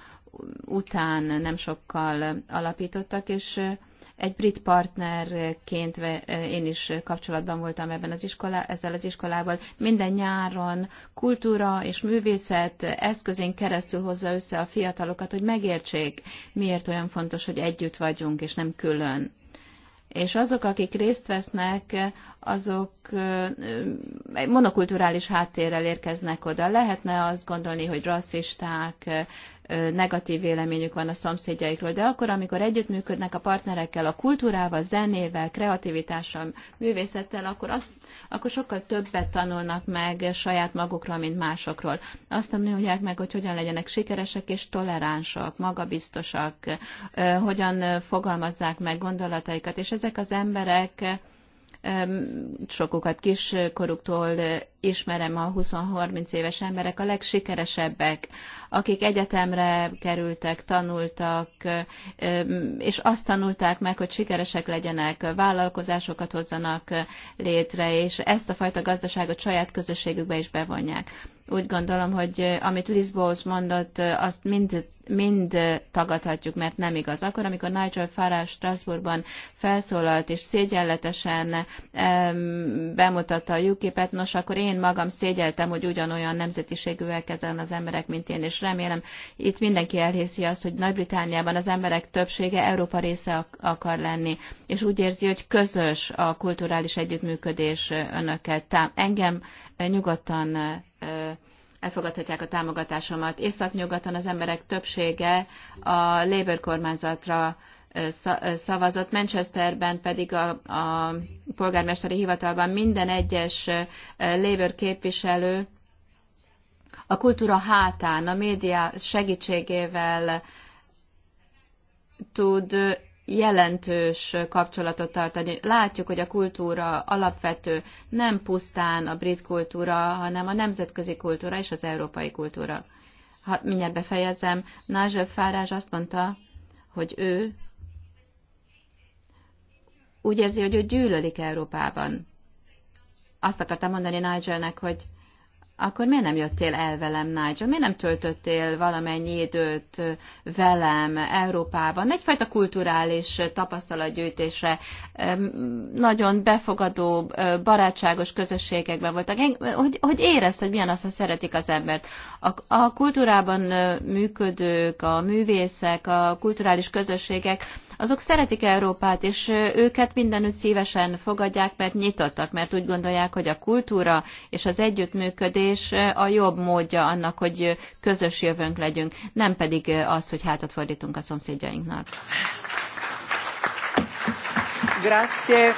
után nem sokkal alapítottak, és eh, egy brit partnerként eh, én is kapcsolatban voltam ebben az iskolá, ezzel az iskolával. Minden nyáron kultúra és művészet eszközén keresztül hozza össze a fiatalokat, hogy megértsék, miért olyan fontos, hogy együtt vagyunk, és nem külön és azok, akik részt vesznek, azok monokulturális háttérrel érkeznek oda. Lehetne azt gondolni, hogy rasszisták, negatív véleményük van a szomszédjaikról, de akkor, amikor együttműködnek a partnerekkel, a kultúrával, zenével, kreativitással, művészettel, akkor, azt, akkor sokkal többet tanulnak meg saját magukról, mint másokról. Azt tanulják meg, hogy hogyan legyenek sikeresek és toleránsak, magabiztosak, hogyan fogalmazzák meg gondolataikat, és ezek az emberek sokukat kiskoruktól ismerem a 20-30 éves emberek, a legsikeresebbek, akik egyetemre kerültek, tanultak, és azt tanulták meg, hogy sikeresek legyenek, vállalkozásokat hozzanak létre, és ezt a fajta gazdaságot saját közösségükbe is bevonják úgy gondolom, hogy amit Liz Bowles mondott, azt mind, mind tagadhatjuk, mert nem igaz. Akkor, amikor Nigel Farage Strasbourgban felszólalt és szégyenletesen em, bemutatta a juképet, nos, akkor én magam szégyeltem, hogy ugyanolyan nemzetiségűek ezen az emberek, mint én, és remélem itt mindenki elhiszi azt, hogy Nagy-Britániában az emberek többsége Európa része akar lenni, és úgy érzi, hogy közös a kulturális együttműködés önöket. Tám, engem nyugodtan elfogadhatják a támogatásomat. Északnyugaton az emberek többsége a Labour kormányzatra szavazott, Manchesterben pedig a, a polgármesteri hivatalban minden egyes Labour képviselő a kultúra hátán, a média segítségével tud jelentős kapcsolatot tartani. Látjuk, hogy a kultúra alapvető nem pusztán a brit kultúra, hanem a nemzetközi kultúra és az európai kultúra. Ha mindjárt befejezem, Nigel Fárás azt mondta, hogy ő úgy érzi, hogy ő gyűlölik Európában. Azt akartam mondani Nigelnek, hogy akkor miért nem jöttél el velem, Nigel? Miért nem töltöttél valamennyi időt velem Európában? Egyfajta kulturális tapasztalatgyűjtésre nagyon befogadó, barátságos közösségekben voltak. Hogy, hogy érezd, hogy milyen az, ha szeretik az embert. A, a kultúrában működők, a művészek, a kulturális közösségek azok szeretik Európát, és őket mindenütt szívesen fogadják, mert nyitottak, mert úgy gondolják, hogy a kultúra és az együttműködés a jobb módja annak, hogy közös jövőnk legyünk, nem pedig az, hogy hátat fordítunk a szomszédjainknak. Grazie.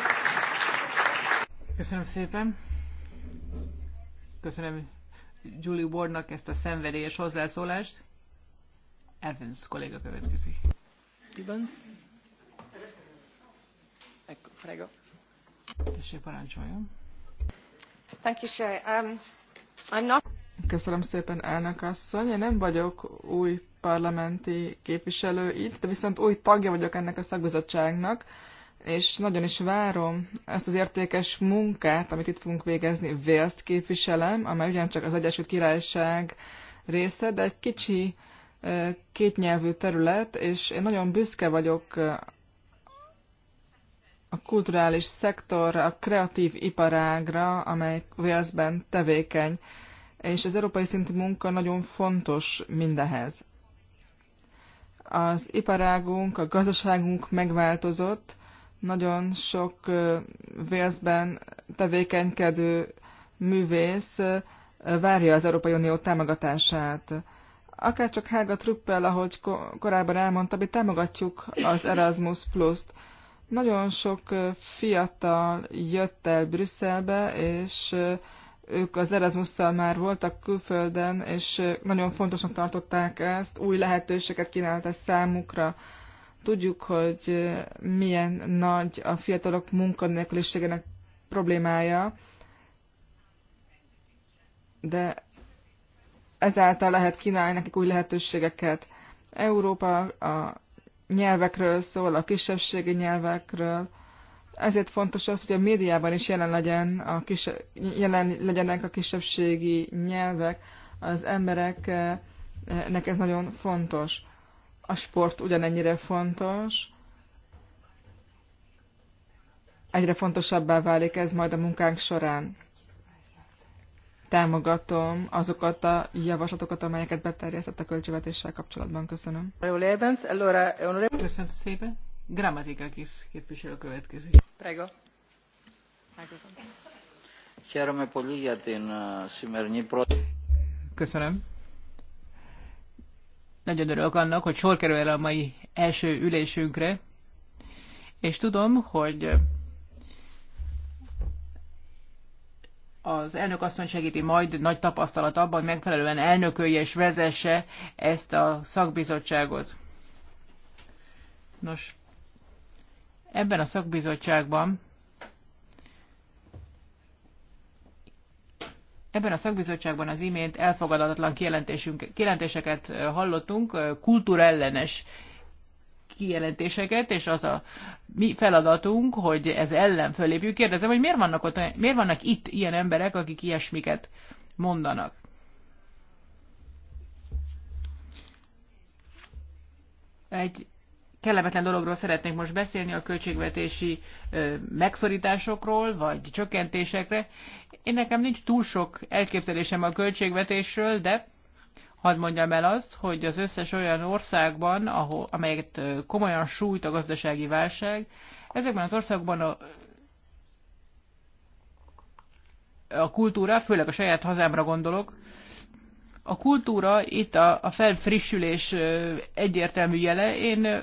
Köszönöm szépen. Köszönöm Julie Wardnak ezt a szenvedélyes hozzászólást. Evans kolléga következik. Evans. Prego. Um, Köszönöm szépen, elnök asszony. Én nem vagyok új parlamenti képviselő itt, de viszont új tagja vagyok ennek a szakbizottságnak, és nagyon is várom ezt az értékes munkát, amit itt fogunk végezni. Vélszt képviselem, amely ugyancsak az Egyesült Királyság része, de egy kicsi eh, kétnyelvű terület, és én nagyon büszke vagyok eh, a kulturális szektorra, a kreatív iparágra, amely Walesben tevékeny, és az európai szintű munka nagyon fontos mindehez. Az iparágunk, a gazdaságunk megváltozott, nagyon sok Walesben tevékenykedő művész várja az Európai Unió támogatását. Akárcsak Helga Truppel, ahogy korábban elmondta, mi támogatjuk az Erasmus Plus-t, nagyon sok fiatal jött el Brüsszelbe, és ők az Erasmusszal már voltak külföldön, és nagyon fontosnak tartották ezt, új lehetőséget kínált ez számukra. Tudjuk, hogy milyen nagy a fiatalok munkanélküliségének problémája, de ezáltal lehet kínálni nekik új lehetőségeket. Európa a nyelvekről szól, a kisebbségi nyelvekről. Ezért fontos az, hogy a médiában is jelen, legyen a kise- jelen legyenek a kisebbségi nyelvek. Az embereknek ez nagyon fontos. A sport ugyanennyire fontos. Egyre fontosabbá válik ez majd a munkánk során támogatom azokat a javaslatokat, amelyeket beterjesztett a költségvetéssel kapcsolatban. Köszönöm. Köszönöm szépen. Grammatika kis képviselő következik. Prego. Eh, Köszönöm. Nagyon örülök annak, hogy sor kerül el a mai első ülésünkre, és tudom, hogy az elnök asszony segíti majd nagy tapasztalat abban, hogy megfelelően elnökölje és vezesse ezt a szakbizottságot. Nos, ebben a szakbizottságban Ebben a szakbizottságban az imént elfogadatlan kijelentéseket hallottunk, kultúrellenes kijelentéseket, és az a mi feladatunk, hogy ez ellen fölépjük. Kérdezem, hogy miért vannak, ott, miért vannak itt ilyen emberek, akik ilyesmiket mondanak? Egy kellemetlen dologról szeretnék most beszélni, a költségvetési megszorításokról, vagy csökkentésekre. Én nekem nincs túl sok elképzelésem a költségvetésről, de Hadd mondjam el azt, hogy az összes olyan országban, ahol, amelyet komolyan sújt a gazdasági válság, ezekben az országokban a, a kultúra, főleg a saját hazámra gondolok, a kultúra itt a, a felfrissülés egyértelmű jele. Én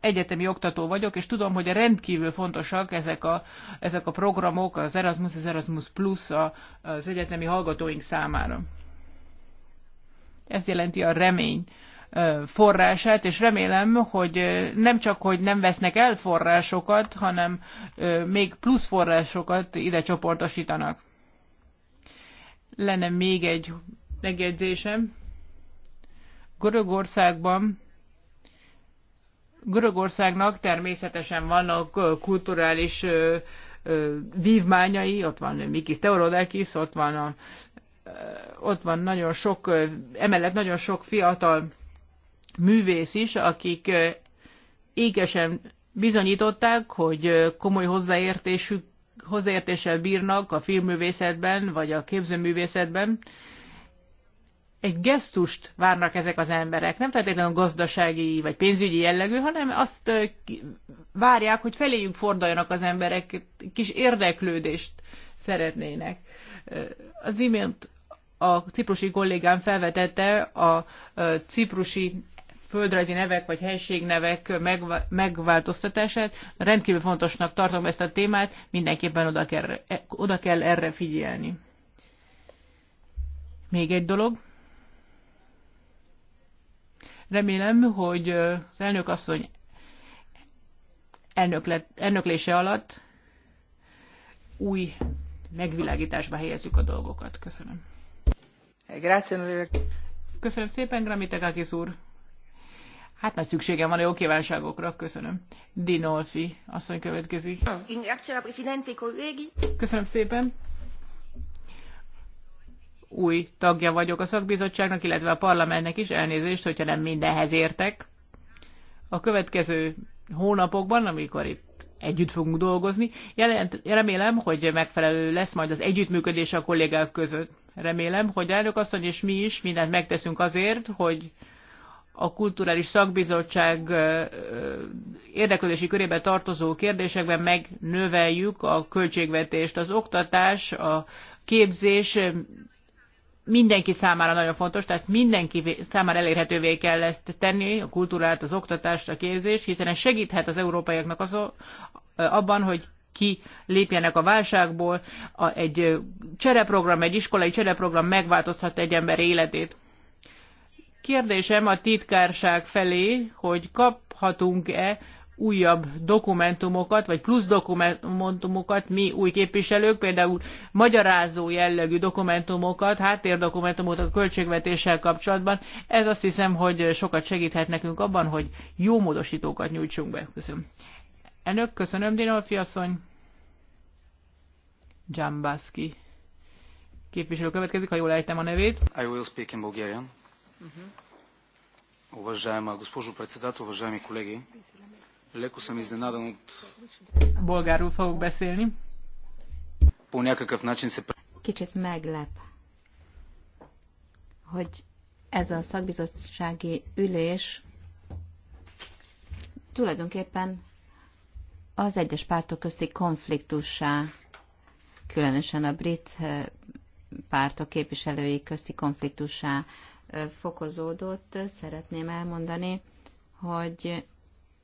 egyetemi oktató vagyok, és tudom, hogy rendkívül fontosak ezek a, ezek a programok, az Erasmus, az Erasmus Plus az egyetemi hallgatóink számára. Ez jelenti a remény forrását, és remélem, hogy nem csak, hogy nem vesznek el forrásokat, hanem még plusz forrásokat ide csoportosítanak. Lenne még egy megjegyzésem. Görögországban Görögországnak természetesen vannak kulturális vívmányai, ott van Mikis Teorodakis, ott van a ott van nagyon sok, emellett nagyon sok fiatal művész is, akik égesen bizonyították, hogy komoly hozzáértésük, hozzáértéssel bírnak a filmművészetben, vagy a képzőművészetben. Egy gesztust várnak ezek az emberek, nem feltétlenül gazdasági vagy pénzügyi jellegű, hanem azt várják, hogy feléjük forduljanak az emberek, kis érdeklődést szeretnének. Az imént a ciprusi kollégám felvetette a ciprusi földrajzi nevek vagy helységnevek megváltoztatását. Rendkívül fontosnak tartom ezt a témát, mindenképpen oda kell, e, oda kell erre figyelni. Még egy dolog. Remélem, hogy az elnök asszony elnöklése alatt új megvilágításba helyezzük a dolgokat. Köszönöm. Köszönöm szépen, Gramitekakis úr. Hát nagy szükségem van a jó kívánságokra, köszönöm. Dinolfi asszony következik. Köszönöm szépen. Új tagja vagyok a szakbizottságnak, illetve a parlamentnek is, elnézést, hogyha nem mindenhez értek. A következő hónapokban, amikor itt együtt fogunk dolgozni. Jelent, remélem, hogy megfelelő lesz majd az együttműködés a kollégák között. Remélem, hogy elnök asszony és mi is mindent megteszünk azért, hogy a kulturális szakbizottság érdeklődési körébe tartozó kérdésekben megnöveljük a költségvetést. Az oktatás, a képzés mindenki számára nagyon fontos, tehát mindenki számára elérhetővé kell ezt tenni, a kultúrát, az oktatást, a képzést, hiszen ez segíthet az európaiaknak az, abban, hogy ki lépjenek a válságból, a, egy csereprogram, egy iskolai csereprogram megváltozhat egy ember életét. Kérdésem a titkárság felé, hogy kaphatunk-e újabb dokumentumokat, vagy plusz dokumentumokat mi új képviselők, például magyarázó jellegű dokumentumokat, háttérdokumentumokat a költségvetéssel kapcsolatban. Ez azt hiszem, hogy sokat segíthet nekünk abban, hogy jó módosítókat nyújtsunk be. Köszönöm. Elnök, köszönöm, Dinolfi asszony. Dzsambászki. Képviselő következik, ha jól ejtem a nevét. I will speak in Bulgarian. Uh-huh. Уважаема госпожо председател, уважаеми колеги, Bolgárul fogok beszélni. Kicsit meglep, hogy ez a szakbizottsági ülés tulajdonképpen az egyes pártok közti konfliktussá, különösen a brit eh, pártok képviselői közti konfliktussá eh, fokozódott. Szeretném elmondani, hogy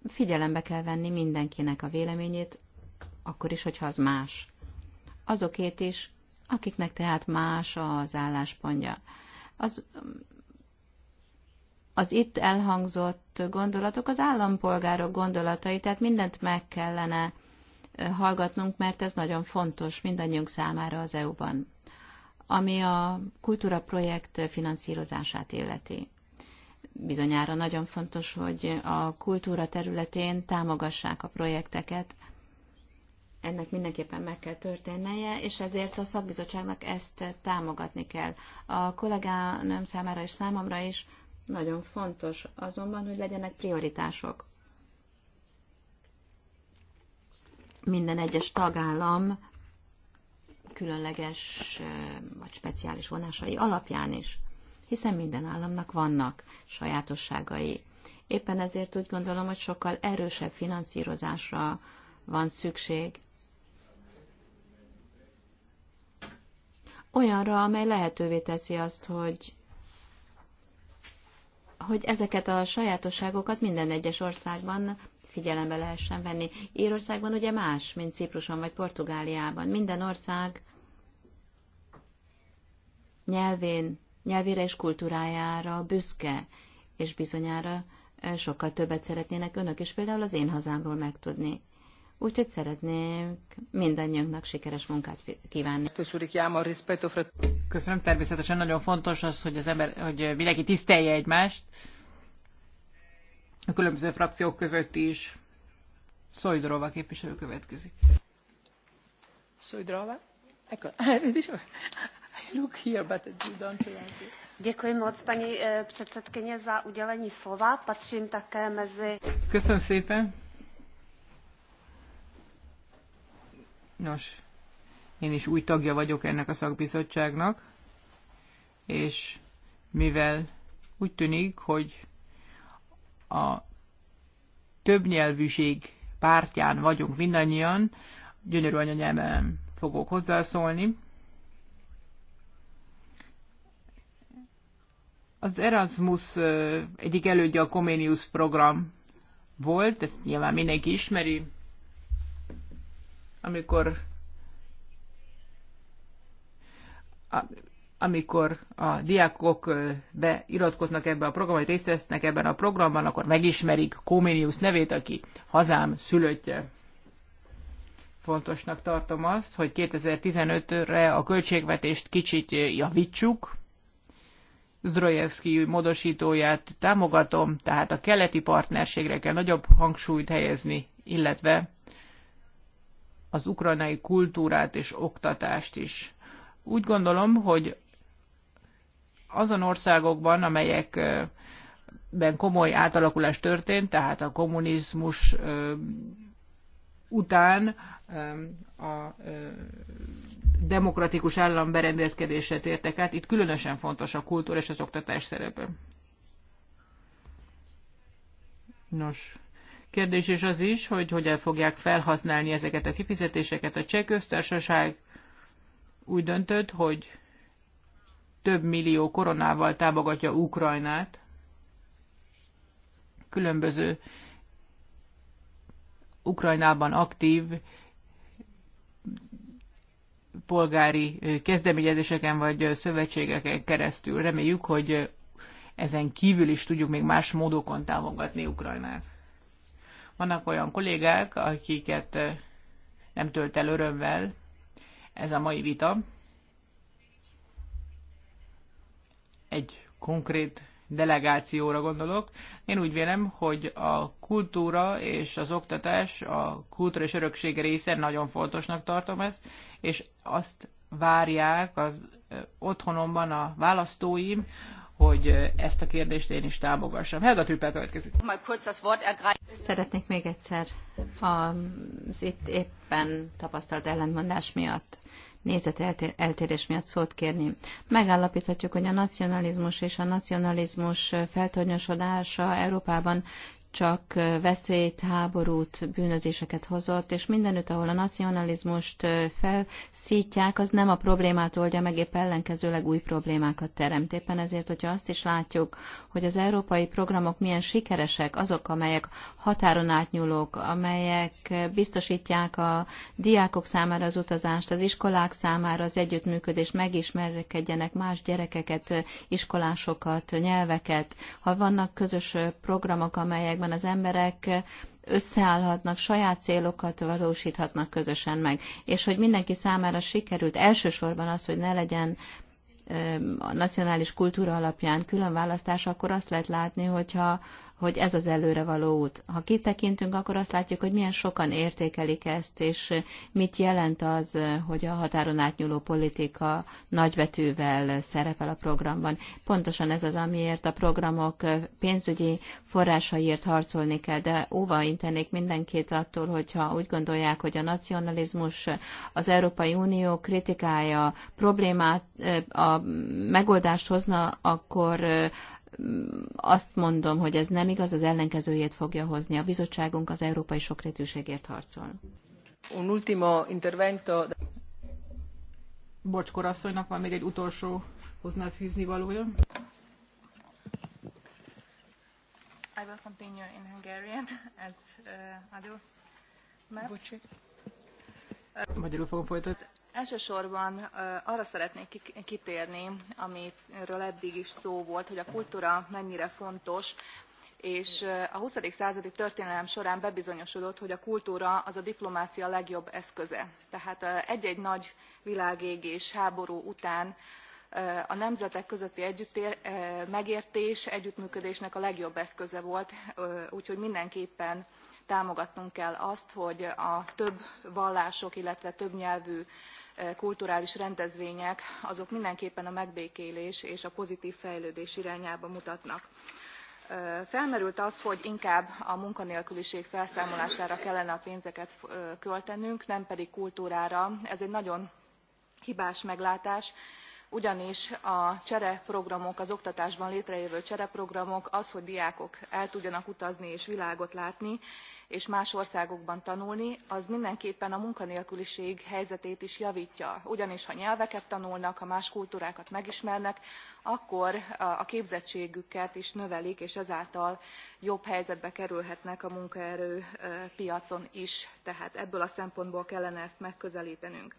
figyelembe kell venni mindenkinek a véleményét, akkor is, hogyha az más. Azokét is, akiknek tehát más az álláspontja. Az, az itt elhangzott gondolatok az állampolgárok gondolatai, tehát mindent meg kellene hallgatnunk, mert ez nagyon fontos mindannyiunk számára az EU-ban, ami a kultúra projekt finanszírozását illeti bizonyára nagyon fontos, hogy a kultúra területén támogassák a projekteket. Ennek mindenképpen meg kell történnie, és ezért a szakbizottságnak ezt támogatni kell. A kollégánőm számára és számomra is nagyon fontos azonban, hogy legyenek prioritások. Minden egyes tagállam különleges vagy speciális vonásai alapján is hiszen minden államnak vannak sajátosságai. Éppen ezért úgy gondolom, hogy sokkal erősebb finanszírozásra van szükség. Olyanra, amely lehetővé teszi azt, hogy hogy ezeket a sajátosságokat minden egyes országban figyelembe lehessen venni. Írországban ugye más, mint Cipruson vagy Portugáliában. Minden ország nyelvén, nyelvére és kultúrájára büszke, és bizonyára sokkal többet szeretnének önök is például az én hazámról megtudni. Úgyhogy szeretnék mindannyiunknak sikeres munkát kívánni. Köszönöm, természetesen nagyon fontos az, hogy az ember, hogy mindenki tisztelje egymást, a különböző frakciók között is. Szojdorova képviselő következik. Szojdorova? Ekkor. Děkuji moc, paní eh, předsedkyně, za udělení slova. Patřím také mezi... Köszönöm szépen. Nos, én is új tagja vagyok ennek a szakbizottságnak, és mivel úgy tűnik, hogy a többnyelvűség pártján vagyunk mindannyian, gyönyörű anyanyelven fogok hozzászólni. Az Erasmus egyik elődje a Comenius program volt, ezt nyilván mindenki ismeri, amikor amikor a diákok beiratkoznak ebbe a programba, vagy részt vesznek ebben a programban, akkor megismerik Comenius nevét, aki hazám szülöttje. Fontosnak tartom azt, hogy 2015-re a költségvetést kicsit javítsuk, Zrojevski módosítóját támogatom, tehát a keleti partnerségre kell nagyobb hangsúlyt helyezni, illetve az ukrajnai kultúrát és oktatást is. Úgy gondolom, hogy azon országokban, amelyekben komoly átalakulás történt, tehát a kommunizmus után a demokratikus állam berendezkedésre tértek át. Itt különösen fontos a kultúra és az oktatás szerepe. Nos, kérdés is az is, hogy hogyan fogják felhasználni ezeket a kifizetéseket. A cseh köztársaság úgy döntött, hogy több millió koronával támogatja Ukrajnát. Különböző Ukrajnában aktív polgári kezdeményezéseken vagy szövetségeken keresztül. Reméljük, hogy ezen kívül is tudjuk még más módokon támogatni Ukrajnát. Vannak olyan kollégák, akiket nem tölt el örömmel ez a mai vita. Egy konkrét delegációra gondolok. Én úgy vélem, hogy a kultúra és az oktatás, a kultúra és örökség része, nagyon fontosnak tartom ezt, és azt várják az otthonomban a választóim, hogy ezt a kérdést én is támogassam. Helga Trüppel következik. Szeretnék még egyszer az itt éppen tapasztalt ellentmondás miatt nézeteltérés miatt szót kérni. Megállapíthatjuk, hogy a nacionalizmus és a nacionalizmus feltornyosodása Európában csak veszélyt, háborút, bűnözéseket hozott, és mindenütt, ahol a nacionalizmust felszítják, az nem a problémát oldja meg, épp ellenkezőleg új problémákat teremt. Éppen ezért, hogyha azt is látjuk, hogy az európai programok milyen sikeresek, azok, amelyek határon átnyúlók, amelyek biztosítják a diákok számára az utazást, az iskolák számára az együttműködés, megismerkedjenek más gyerekeket, iskolásokat, nyelveket. Ha vannak közös programok, amelyek országban az emberek összeállhatnak, saját célokat valósíthatnak közösen meg. És hogy mindenki számára sikerült elsősorban az, hogy ne legyen a nacionális kultúra alapján külön választás, akkor azt lehet látni, hogyha hogy ez az előre való út. Ha kitekintünk, akkor azt látjuk, hogy milyen sokan értékelik ezt, és mit jelent az, hogy a határon átnyúló politika nagybetűvel szerepel a programban. Pontosan ez az, amiért a programok pénzügyi forrásaiért harcolni kell, de óva intenék mindenkit attól, hogyha úgy gondolják, hogy a nacionalizmus, az Európai Unió kritikája problémát, a megoldást hozna, akkor azt mondom, hogy ez nem igaz, az ellenkezőjét fogja hozni. A bizottságunk az európai sokrétűségért harcol. Un ultimo intervento. Bocskor asszonynak van még egy utolsó hozzáfűzni valója. I will continue in Hungarian as uh, other Magyarul fogom folytatni elsősorban arra szeretnék kitérni amiről eddig is szó volt hogy a kultúra mennyire fontos és a huszadik századi történelem során bebizonyosodott hogy a kultúra az a diplomácia legjobb eszköze tehát egy egy nagy világégés háború után a nemzetek közötti együttér, megértés együttműködésnek a legjobb eszköze volt úgyhogy mindenképpen támogatnunk kell azt hogy a több vallások illetve több nyelvű kulturális rendezvények azok mindenképpen a megbékélés és a pozitv fejlődés irányába mutatnak. felmerült az hogy inkább a munkanélküliség felszámolására kellene a pénzeket költenünk nem pedig kultúrára ez egy nagyon hibás meglátás ugyanis a csereprogramok az oktatásban létrejövő csereprogramok az hogy diákok el tudjanak utazni és világot látni és más országokban tanulni az mindenképpen a munkanélküliség helyzetét is javtja ugyanis ha nyelveket tanulnak ha más kultúrákat megismernek akkor a képzettségüket is növelik és ezáltal jobb helyzetbe kerülhetnek a munkaerőpiacon is tehát ebből a szempontból kellene ezt megközeltenünk.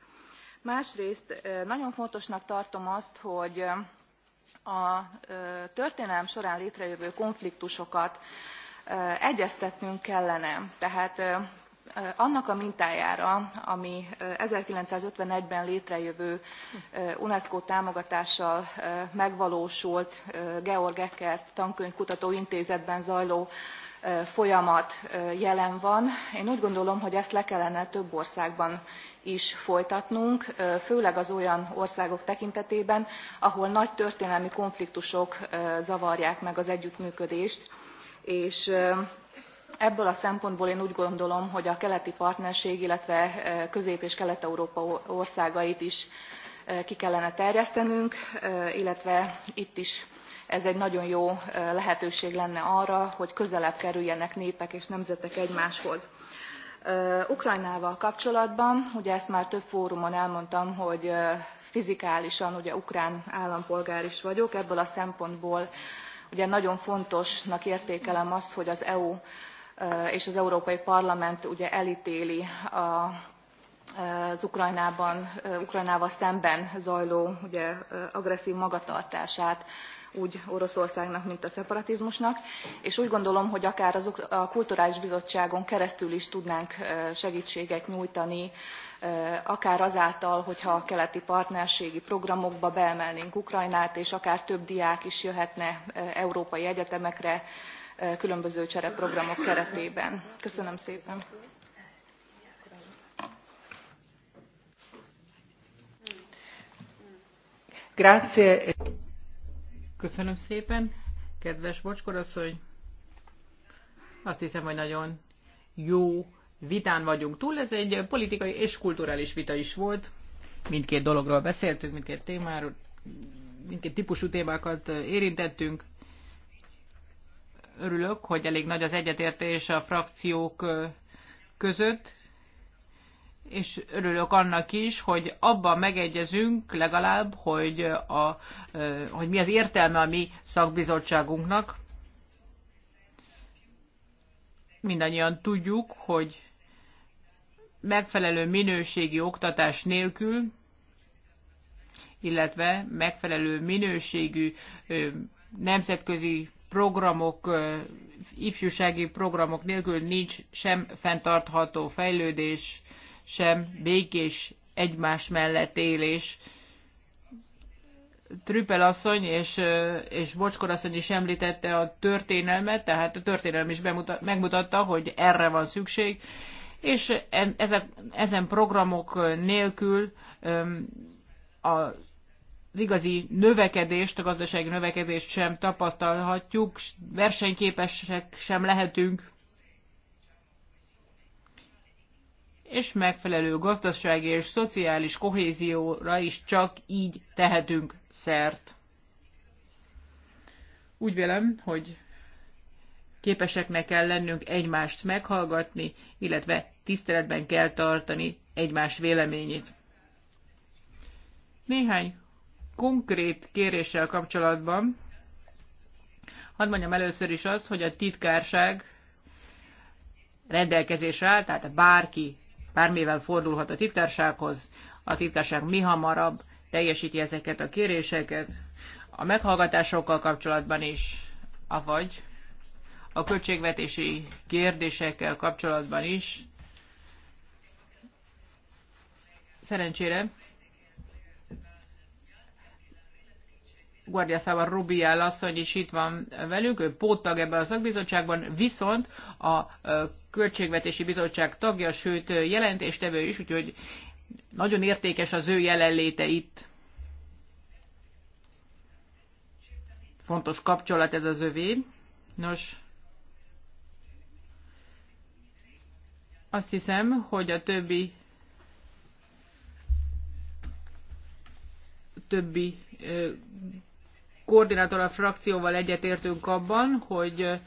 másrészt nagyon fontosnak tartom azt hogy a történelem során létrejövő konfliktusokat egyeztetnünk kellene. Tehát annak a mintájára, ami 1951-ben létrejövő UNESCO támogatással megvalósult Georg Eckert tankönyvkutató intézetben zajló folyamat jelen van. Én úgy gondolom, hogy ezt le kellene több országban is folytatnunk, főleg az olyan országok tekintetében, ahol nagy történelmi konfliktusok zavarják meg az együttműködést és ebből a szempontból én úgy gondolom hogy a keleti partnerség illetve közép és kelet európa országait is ki kellene terjesztenünk illetve itt is ez egy nagyon jó lehetőség lenne arra hogy közelebb kerüljenek népek és nemzetek egymáshoz. ukrajnával kapcsolatban ugye ezt már több fórumon elmondtam hogy fizikálisan ugye ukrán állampolgár is vagyok ebből a szempontból ugye nagyon fontosnak értékelem azt hogy az eu és az európai parlament ugye eltéli a az ukrajnában ukrajnával szemben zajló ugye agresszv magatartását úgy oroszországnak mint a szeparatizmusnak és úgy gondolom hogy akár a kulturális bizottságon keresztül is tudnánk segítséget nyújtani akár azáltal hogyha a keleti partnerségi programokba beemelnénk ukrajnát és akár több diák is jöhetne európai egyetemekre különböző csereprogramok keretében. köszönöm szépen! Grazie. Köszönöm szépen, kedves bocskorasszony. Azt hiszem, hogy nagyon jó vitán vagyunk túl. Ez egy politikai és kulturális vita is volt. Mindkét dologról beszéltünk, mindkét témáról, mindkét típusú témákat érintettünk. Örülök, hogy elég nagy az egyetértés a frakciók között és örülök annak is, hogy abban megegyezünk legalább, hogy, a, hogy mi az értelme a mi szakbizottságunknak. Mindannyian tudjuk, hogy megfelelő minőségi oktatás nélkül, illetve megfelelő minőségű nemzetközi programok, ifjúsági programok nélkül nincs sem fenntartható fejlődés, sem békés egymás mellett élés. Trüppel asszony és, és Bocskor asszony is említette a történelmet, tehát a történelem is bemutat, megmutatta, hogy erre van szükség, és en, ezek, ezen programok nélkül a az igazi növekedést, a gazdasági növekedést sem tapasztalhatjuk, versenyképesek sem lehetünk. és megfelelő gazdasági és szociális kohézióra is csak így tehetünk szert. Úgy vélem, hogy képeseknek kell lennünk egymást meghallgatni, illetve tiszteletben kell tartani egymás véleményét. Néhány konkrét kéréssel kapcsolatban hadd mondjam először is azt, hogy a titkárság rendelkezésre áll, tehát bárki bármivel fordulhat a titkársághoz, a titkárság mi hamarabb teljesíti ezeket a kéréseket, a meghallgatásokkal kapcsolatban is, avagy a költségvetési kérdésekkel kapcsolatban is. Szerencsére Guardiaszával Rubiel asszony is itt van velünk, ő póttag ebben a szakbizottságban, viszont a Költségvetési Bizottság tagja, sőt jelentéstevő is, úgyhogy nagyon értékes az ő jelenléte itt. Fontos kapcsolat ez az övé. Nos, azt hiszem, hogy a többi többi koordinátor a frakcióval egyetértünk abban, hogy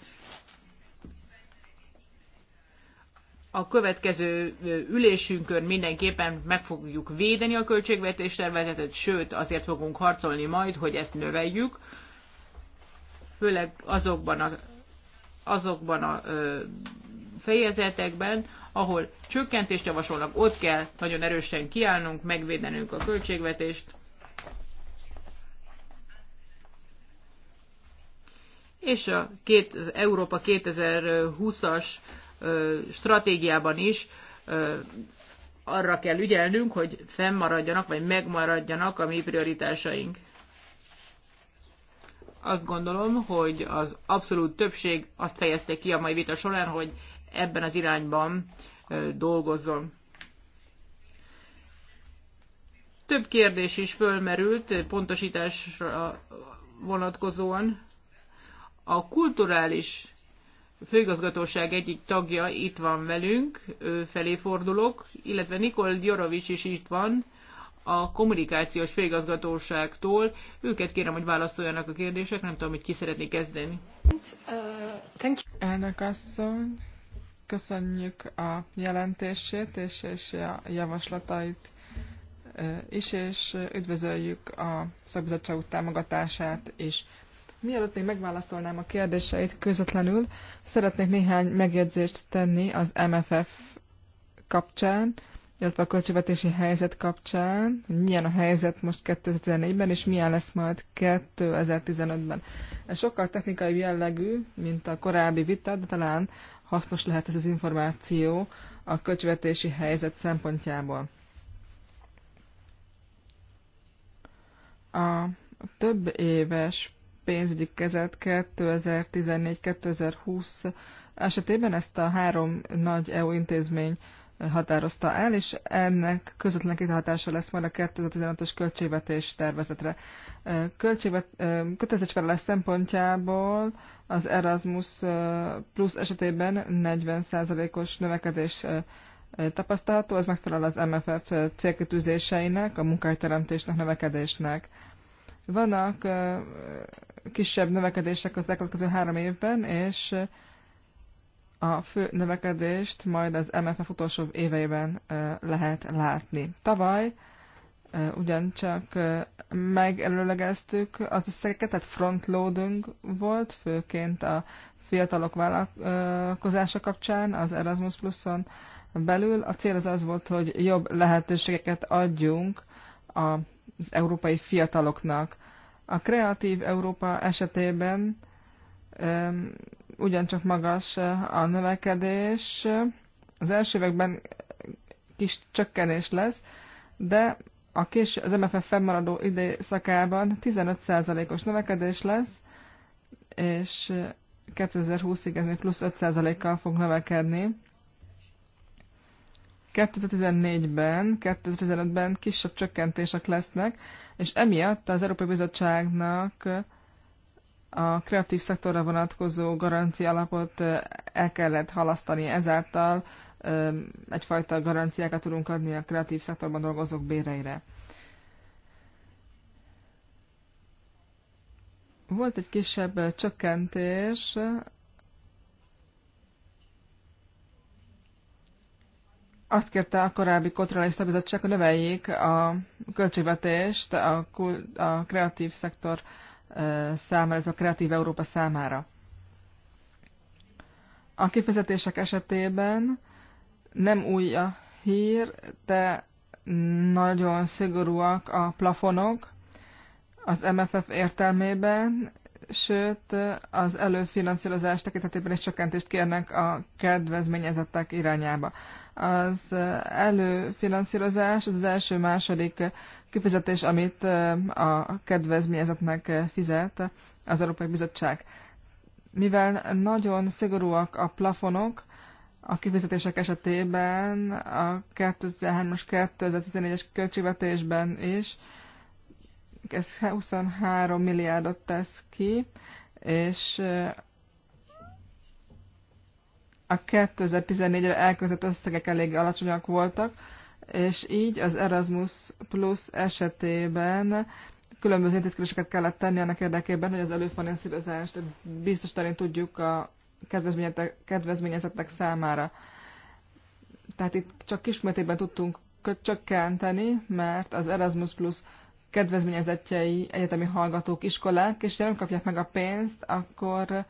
a következő ülésünkön mindenképpen meg fogjuk védeni a költségvetés tervezetet, sőt azért fogunk harcolni majd, hogy ezt növeljük, főleg azokban a, azokban a fejezetekben, ahol csökkentést javasolnak, ott kell nagyon erősen kiállnunk, megvédenünk a költségvetést, és a két, az Európa 2020-as stratégiában is arra kell ügyelnünk, hogy fennmaradjanak, vagy megmaradjanak a mi prioritásaink. Azt gondolom, hogy az abszolút többség azt fejezte ki a mai vita során, hogy ebben az irányban dolgozzon. Több kérdés is fölmerült pontosításra vonatkozóan. A kulturális főigazgatóság egyik tagja itt van velünk, ő felé fordulok, illetve Nikol Gyorovics is itt van, a kommunikációs főigazgatóságtól. Őket kérem, hogy válaszoljanak a kérdések, nem tudom, hogy ki szeretné kezdeni. Elnök asszony, köszönjük a jelentését és, és a javaslatait is, és üdvözöljük a szakbizottságú támogatását is. Mielőtt még megválaszolnám a kérdéseit közvetlenül, szeretnék néhány megjegyzést tenni az MFF kapcsán, illetve a költségvetési helyzet kapcsán, hogy milyen a helyzet most 2014-ben, és milyen lesz majd 2015-ben. Ez sokkal technikai jellegű, mint a korábbi vita, de talán hasznos lehet ez az információ a költségvetési helyzet szempontjából. A több éves pénzügyi kezet 2014-2020 esetében ezt a három nagy EU intézmény határozta el, és ennek közvetlen kihatása lesz majd a 2016-os költségvetés tervezetre. Költségvet, kötelezettségvállalás szempontjából az Erasmus Plus esetében 40%-os növekedés tapasztalható, ez megfelel az MFF célkitűzéseinek, a munkahelyteremtésnek, növekedésnek. Vannak kisebb növekedések az elkövetkező három évben, és a fő növekedést majd az MFF utolsó éveiben lehet látni. Tavaly ugyancsak megelőlegeztük az összegeket, tehát frontloading volt, főként a fiatalok vállalkozása kapcsán az Erasmus plus belül. A cél az az volt, hogy jobb lehetőségeket adjunk az európai fiataloknak. A kreatív Európa esetében ugyancsak magas eh, a növekedés. Az első években kis csökkenés lesz, de a kis, az MFF fennmaradó időszakában 15%-os növekedés lesz, és 2020-ig eh, ez még plusz 5%-kal fog növekedni. 2014-ben, 2015-ben kisebb csökkentések lesznek, és emiatt az Európai Bizottságnak a kreatív szektorra vonatkozó garancia alapot el kellett halasztani, ezáltal egyfajta garanciákat tudunk adni a kreatív szektorban dolgozók béreire. Volt egy kisebb csökkentés azt kérte a korábbi kontrollista bizottság, hogy növeljék a költségvetést a, a kreatív szektor számára, a kreatív Európa számára. A kifizetések esetében nem új a hír, de nagyon szigorúak a plafonok az MFF értelmében, sőt az előfinanszírozás tekintetében is csökkentést kérnek a kedvezményezettek irányába. Az előfinanszírozás az, az első-második kifizetés, amit a kedvezményezetnek fizet az Európai Bizottság. Mivel nagyon szigorúak a plafonok, a kifizetések esetében a 2003-as, 2014-es költségvetésben is ez 23 milliárdot tesz ki, és eh, a 2014-re elköltött összegek elég alacsonyak voltak, és így az Erasmus Plus esetében különböző intézkedéseket kellett tenni annak érdekében, hogy az előfinanszírozást terén tudjuk a kedvezményezettek számára. Tehát itt csak kismértékben tudtunk csökkenteni, mert az Erasmus Plus kedvezményezettjei egyetemi hallgatók, iskolák, és ha nem kapják meg a pénzt, akkor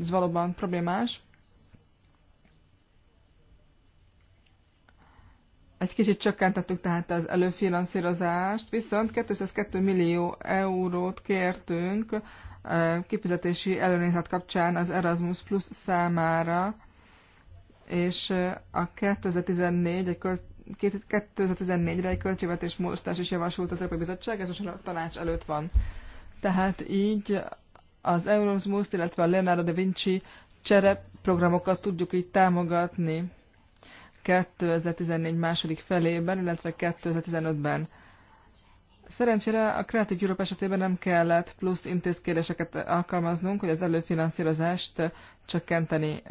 ez valóban problémás. Egy kicsit csökkentettük tehát az előfinanszírozást, viszont 202 millió eurót kértünk kifizetési előnézet kapcsán az Erasmus Plus számára, és a 2014 egy költ 2014-re egy költségvetés módosítás is javasolt az Európai Bizottság, ez most a tanács előtt van. Tehát így az Erasmus, illetve a Leonardo da Vinci csere programokat tudjuk így támogatni 2014 második felében, illetve 2015-ben. Szerencsére a Creative Europe esetében nem kellett plusz intézkedéseket alkalmaznunk, hogy az előfinanszírozást csökkenteni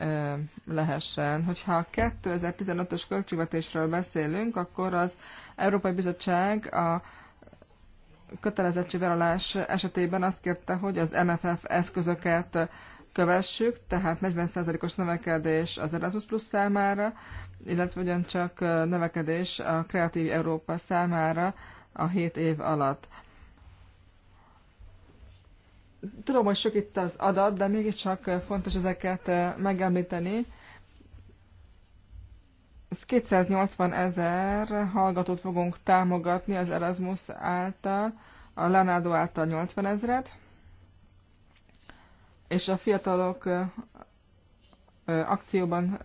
lehessen. Hogyha a 2015-ös költségvetésről beszélünk, akkor az Európai Bizottság a kötelezettségvállalás esetében azt kérte, hogy az MFF eszközöket kövessük, tehát 40%-os növekedés az Erasmus Plus számára, illetve ugyancsak növekedés a Kreatív Európa számára, a hét év alatt. Tudom, hogy sok itt az adat, de mégiscsak fontos ezeket eh, megemlíteni. Ez 280 ezer hallgatót fogunk támogatni az Erasmus által, a Leonardo által 80 ezeret, és a fiatalok eh, akcióban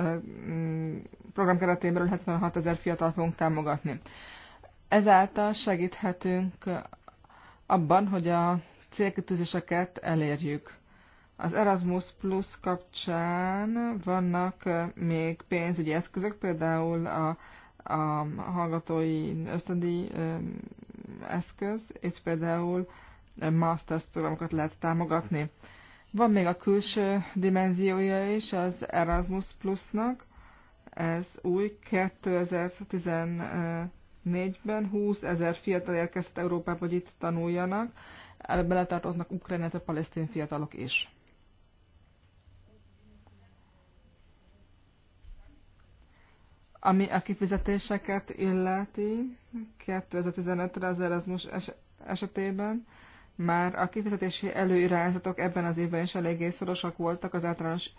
Mm, program keretében 76 ezer fiatal fogunk támogatni. Ezáltal segíthetünk abban, hogy a célkütőzéseket elérjük. Az Erasmus Plus kapcsán vannak még pénzügyi eszközök, például a, a hallgatói ösztöndi eszköz, és például masters programokat lehet támogatni. Van még a külső dimenziója is az Erasmus Plusnak, ez új, 2014-ben 20 ezer fiatal érkezett Európába, hogy itt tanuljanak, ebbe beletartoznak Ukrajnai a palesztin fiatalok is. Ami a kifizetéseket illeti, 2015-re az Erasmus esetében már a kifizetési előirányzatok ebben az évben is eléggé szorosak voltak az általános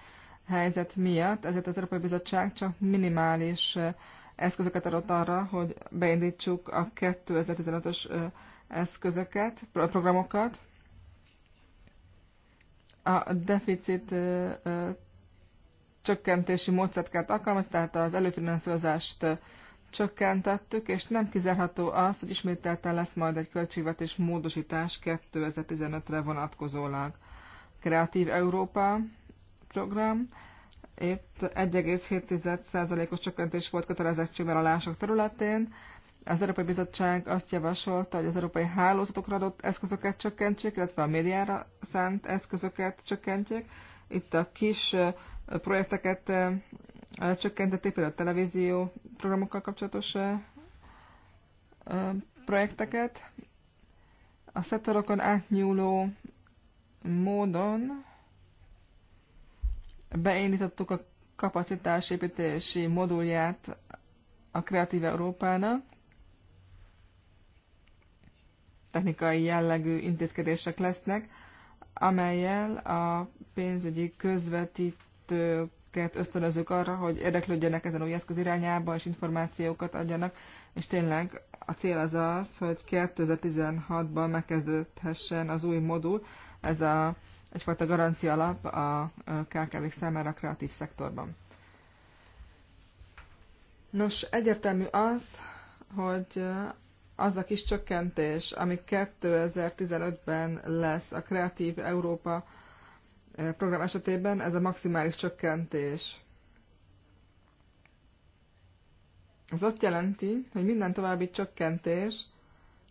helyzet miatt, ezért az Európai Bizottság csak minimális eh, eszközöket adott arra, hogy beindítsuk a 2015-ös eh, eszközöket, programokat. A deficit eh, csökkentési módszert kell alkalmazni, tehát az előfinanszírozást csökkentettük, és nem kizárható az, hogy ismételten lesz majd egy költségvetés módosítás 2015-re vonatkozólag. Kreatív Európa program, itt 1,7%-os csökkentés volt lások területén. Az Európai Bizottság azt javasolta, hogy az európai hálózatokra adott eszközöket csökkentsék, illetve a médiára szánt eszközöket csökkentsék. Itt a kis projekteket lecsökkentették például a televízió programokkal kapcsolatos projekteket. A szektorokon átnyúló módon beindítottuk a kapacitásépítési modulját a Kreatív Európának. Technikai jellegű intézkedések lesznek, amelyel a pénzügyi közvetítők őket ösztönözzük arra, hogy érdeklődjenek ezen új eszköz irányába, és információkat adjanak, és tényleg a cél az az, hogy 2016-ban megkezdődhessen az új modul, ez a, egyfajta garancia alap a KKV-k számára a kreatív szektorban. Nos, egyértelmű az, hogy az a kis csökkentés, ami 2015-ben lesz a Kreatív Európa Eh, program esetében ez a maximális csökkentés. Ez azt jelenti, hogy minden további csökkentés,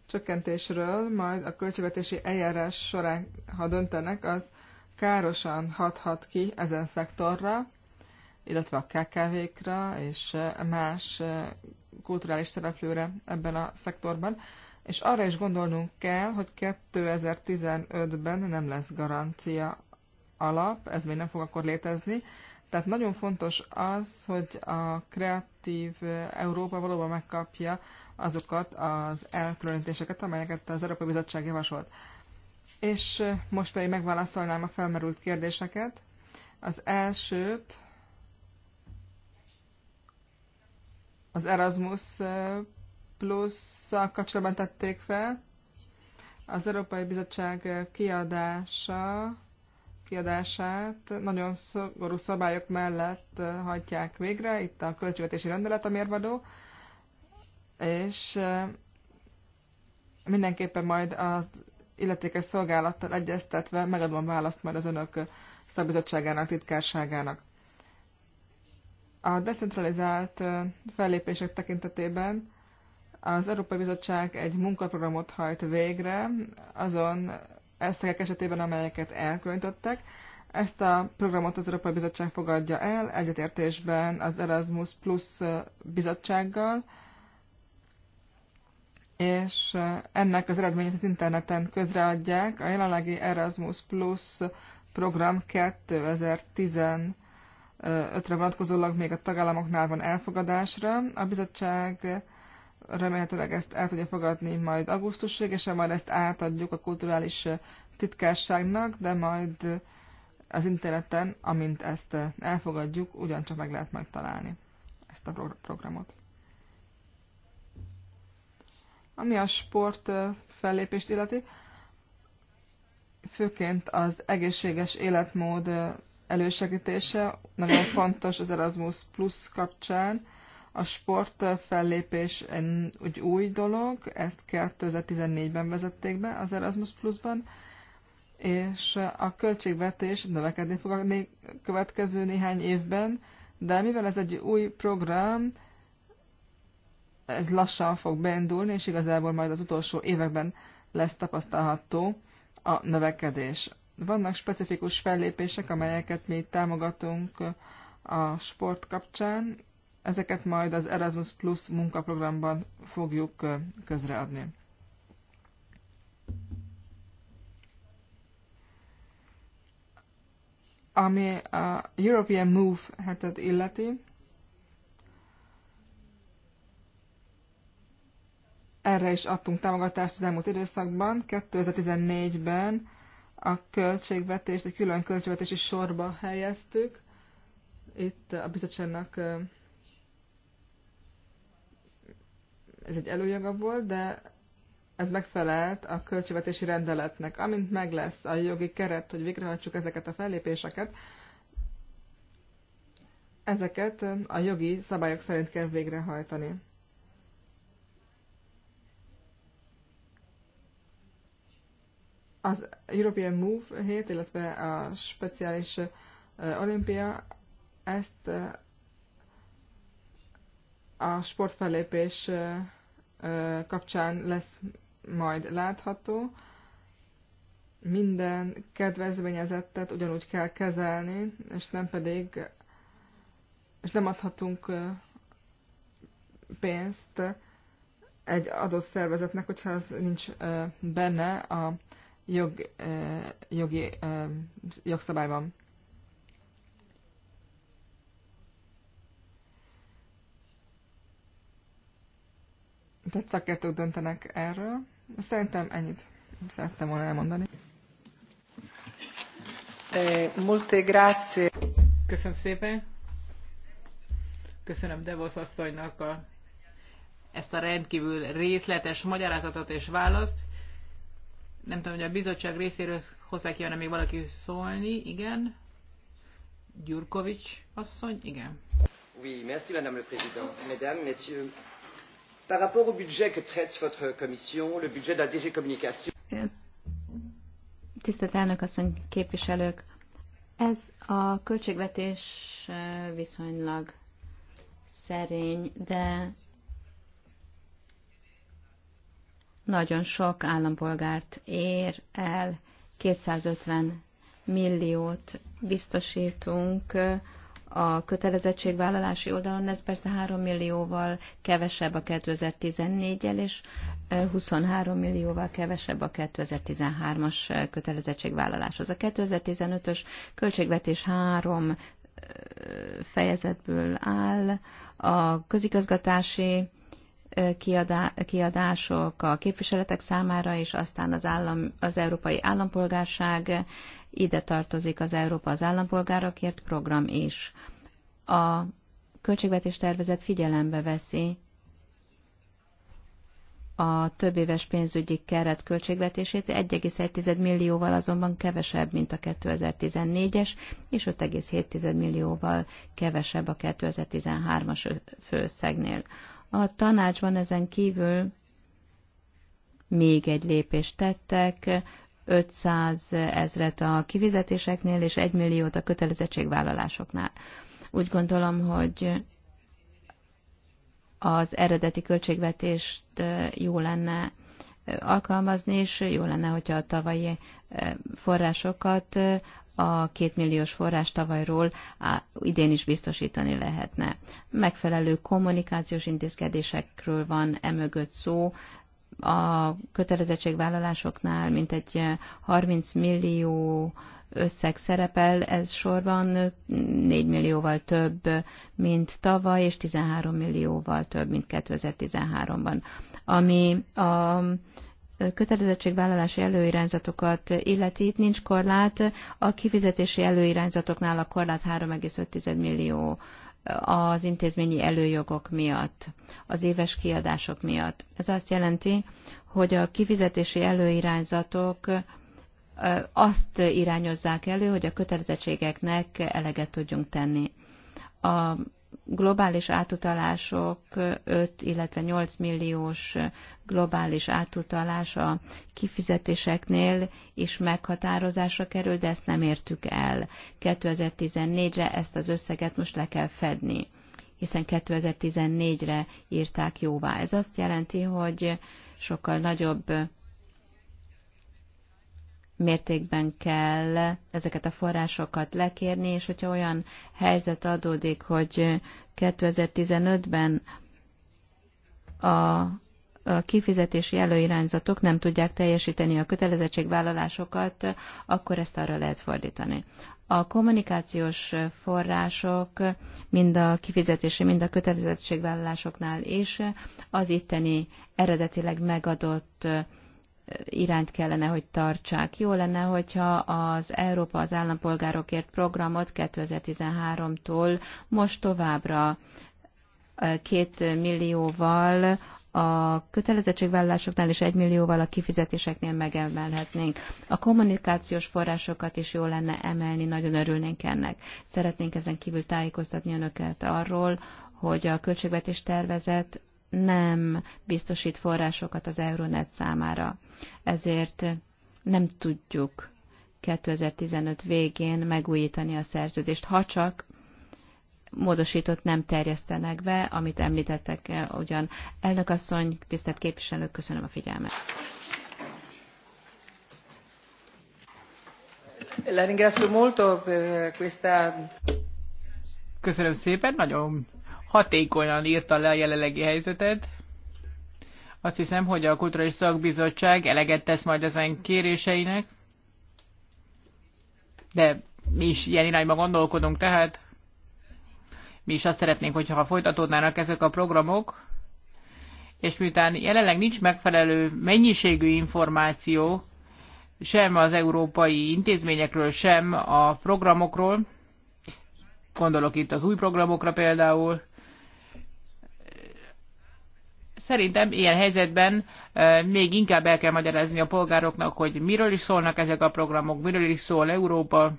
csökkentésről majd a költségvetési eljárás során, ha döntenek, az károsan hathat ki ezen szektorra, illetve a KKV-kra és eh, más eh, kulturális szereplőre ebben a szektorban, és arra is gondolnunk kell, hogy 2015-ben nem lesz garancia alap, ez még nem fog akkor létezni. Tehát nagyon fontos az, hogy a kreatív Európa valóban megkapja azokat az elkülönítéseket, amelyeket az Európai Bizottság javasolt. És most pedig megválaszolnám a felmerült kérdéseket. Az elsőt az Erasmus plus kapcsolatban tették fel. Az Európai Bizottság kiadása kiadását nagyon szigorú szabályok mellett eh, hajtják végre, itt a költségvetési rendelet a mérvadó, és eh, mindenképpen majd az illetékes szolgálattal egyeztetve megadom választ majd az önök szakbizottságának, titkárságának. A decentralizált eh, fellépések tekintetében az Európai Bizottság egy munkaprogramot hajt végre azon összegek esetében, amelyeket elkülönítettek. Ezt a programot az Európai Bizottság fogadja el egyetértésben az Erasmus Plus bizottsággal, és ennek az eredményét az interneten közreadják. A jelenlegi Erasmus Plus program 2015-re vonatkozólag még a tagállamoknál van elfogadásra. A bizottság remélhetőleg ezt el tudja fogadni majd augusztusig, és majd ezt átadjuk a kulturális titkárságnak, de majd az interneten, amint ezt elfogadjuk, ugyancsak meg lehet majd találni ezt a programot. Ami a sport fellépést illeti, főként az egészséges életmód elősegítése nagyon fontos az Erasmus Plus kapcsán, a sport fellépés egy új dolog, ezt 2014-ben vezették be az Erasmus Plus-ban, és a költségvetés növekedni fog a következő néhány évben, de mivel ez egy új program, ez lassan fog beindulni, és igazából majd az utolsó években lesz tapasztalható a növekedés. Vannak specifikus fellépések, amelyeket mi támogatunk a sport kapcsán, Ezeket majd az Erasmus Plus munkaprogramban fogjuk közreadni. Ami a European Move hetet illeti, erre is adtunk támogatást az elmúlt időszakban. 2014-ben a költségvetést egy külön költségvetési sorba helyeztük. Itt a bizottságnak Ez egy előjoga volt, de ez megfelelt a költségvetési rendeletnek. Amint meg lesz a jogi keret, hogy végrehajtsuk ezeket a fellépéseket, ezeket a jogi szabályok szerint kell végrehajtani. Az European Move hét, illetve a speciális olimpia ezt a sportfellépés kapcsán lesz majd látható. Minden kedvezményezettet ugyanúgy kell kezelni, és nem pedig, és nem adhatunk pénzt egy adott szervezetnek, hogyha az nincs benne a jog, jogi jogszabályban. Tehát szakértők döntenek erről. Szerintem ennyit szerettem volna elmondani. Eh, molte grazie. Köszönöm szépen. Köszönöm Devos asszonynak a, ezt a rendkívül részletes magyarázatot és választ. Nem tudom, hogy a bizottság részéről hozzá kívánna még valaki szólni. Igen. Gyurkovics asszony, igen. Oui, merci, madame le président. Mesdames, messieurs, Par rapport au budget que traite votre commission, le budget de la DG Communication. Tisztelt elnök asszony, képviselők! Ez a költségvetés viszonylag szerény, de nagyon sok állampolgárt ér el. 250 milliót biztosítunk a kötelezettségvállalási oldalon ez persze 3 millióval kevesebb a 2014-el, és 23 millióval kevesebb a 2013-as kötelezettségvállaláshoz. A 2015-ös költségvetés három fejezetből áll, a közigazgatási kiadások a képviseletek számára, és aztán az, állam, az európai állampolgárság, ide tartozik az Európa az állampolgárokért program is. A költségvetés tervezet figyelembe veszi a több éves pénzügyi keret költségvetését 1,1 millióval azonban kevesebb, mint a 2014-es, és 5,7 millióval kevesebb a 2013-as főszegnél. A tanácsban ezen kívül még egy lépést tettek, 500 ezret a kivizetéseknél és 1 milliót a kötelezettségvállalásoknál. Úgy gondolom, hogy az eredeti költségvetést jó lenne alkalmazni, és jó lenne, hogyha a tavalyi eh, forrásokat eh, a kétmilliós forrás tavalyról á, idén is biztosítani lehetne. Megfelelő kommunikációs intézkedésekről van emögött szó, a kötelezettségvállalásoknál mintegy 30 eh, millió összeg szerepel, ez sorban 4 millióval több, mint tavaly, és 13 millióval több, mint 2013-ban. Ami a kötelezettségvállalási előirányzatokat illeti, itt nincs korlát, a kifizetési előirányzatoknál a korlát 3,5 millió az intézményi előjogok miatt, az éves kiadások miatt. Ez azt jelenti, hogy a kifizetési előirányzatok azt irányozzák elő, hogy a kötelezettségeknek eleget tudjunk tenni. A globális átutalások 5, illetve 8 milliós globális a kifizetéseknél is meghatározásra kerül, de ezt nem értük el. 2014-re ezt az összeget most le kell fedni, hiszen 2014-re írták jóvá. Ez azt jelenti, hogy sokkal nagyobb mértékben kell ezeket a forrásokat lekérni, és hogyha olyan helyzet adódik, hogy 2015-ben a a kifizetési előirányzatok nem tudják teljesíteni a kötelezettségvállalásokat, akkor ezt arra lehet fordítani. A kommunikációs források mind a kifizetési, mind a kötelezettségvállalásoknál is az itteni eredetileg megadott irányt kellene, hogy tartsák. Jó lenne, hogyha az Európa az állampolgárokért programot 2013-tól most továbbra két millióval a kötelezettségvállalásoknál és egy millióval a kifizetéseknél megemelhetnénk. A kommunikációs forrásokat is jó lenne emelni, nagyon örülnénk ennek. Szeretnénk ezen kívül tájékoztatni önöket arról, hogy a költségvetés tervezet nem biztosít forrásokat az Euronet számára. Ezért nem tudjuk 2015 végén megújítani a szerződést, ha csak módosított nem terjesztenek be, amit említettek eh, ugyan. Elnök asszony, tisztelt képviselők, köszönöm a figyelmet. Köszönöm szépen, nagyon hatékonyan írta le a jelenlegi helyzetet. Azt hiszem, hogy a Kulturális Szakbizottság eleget tesz majd ezen kéréseinek, de mi is ilyen irányba gondolkodunk, tehát mi is azt szeretnénk, hogyha folytatódnának ezek a programok, és miután jelenleg nincs megfelelő mennyiségű információ sem az európai intézményekről, sem a programokról, gondolok itt az új programokra például, Szerintem ilyen helyzetben még inkább el kell magyarázni a polgároknak, hogy miről is szólnak ezek a programok, miről is szól Európa.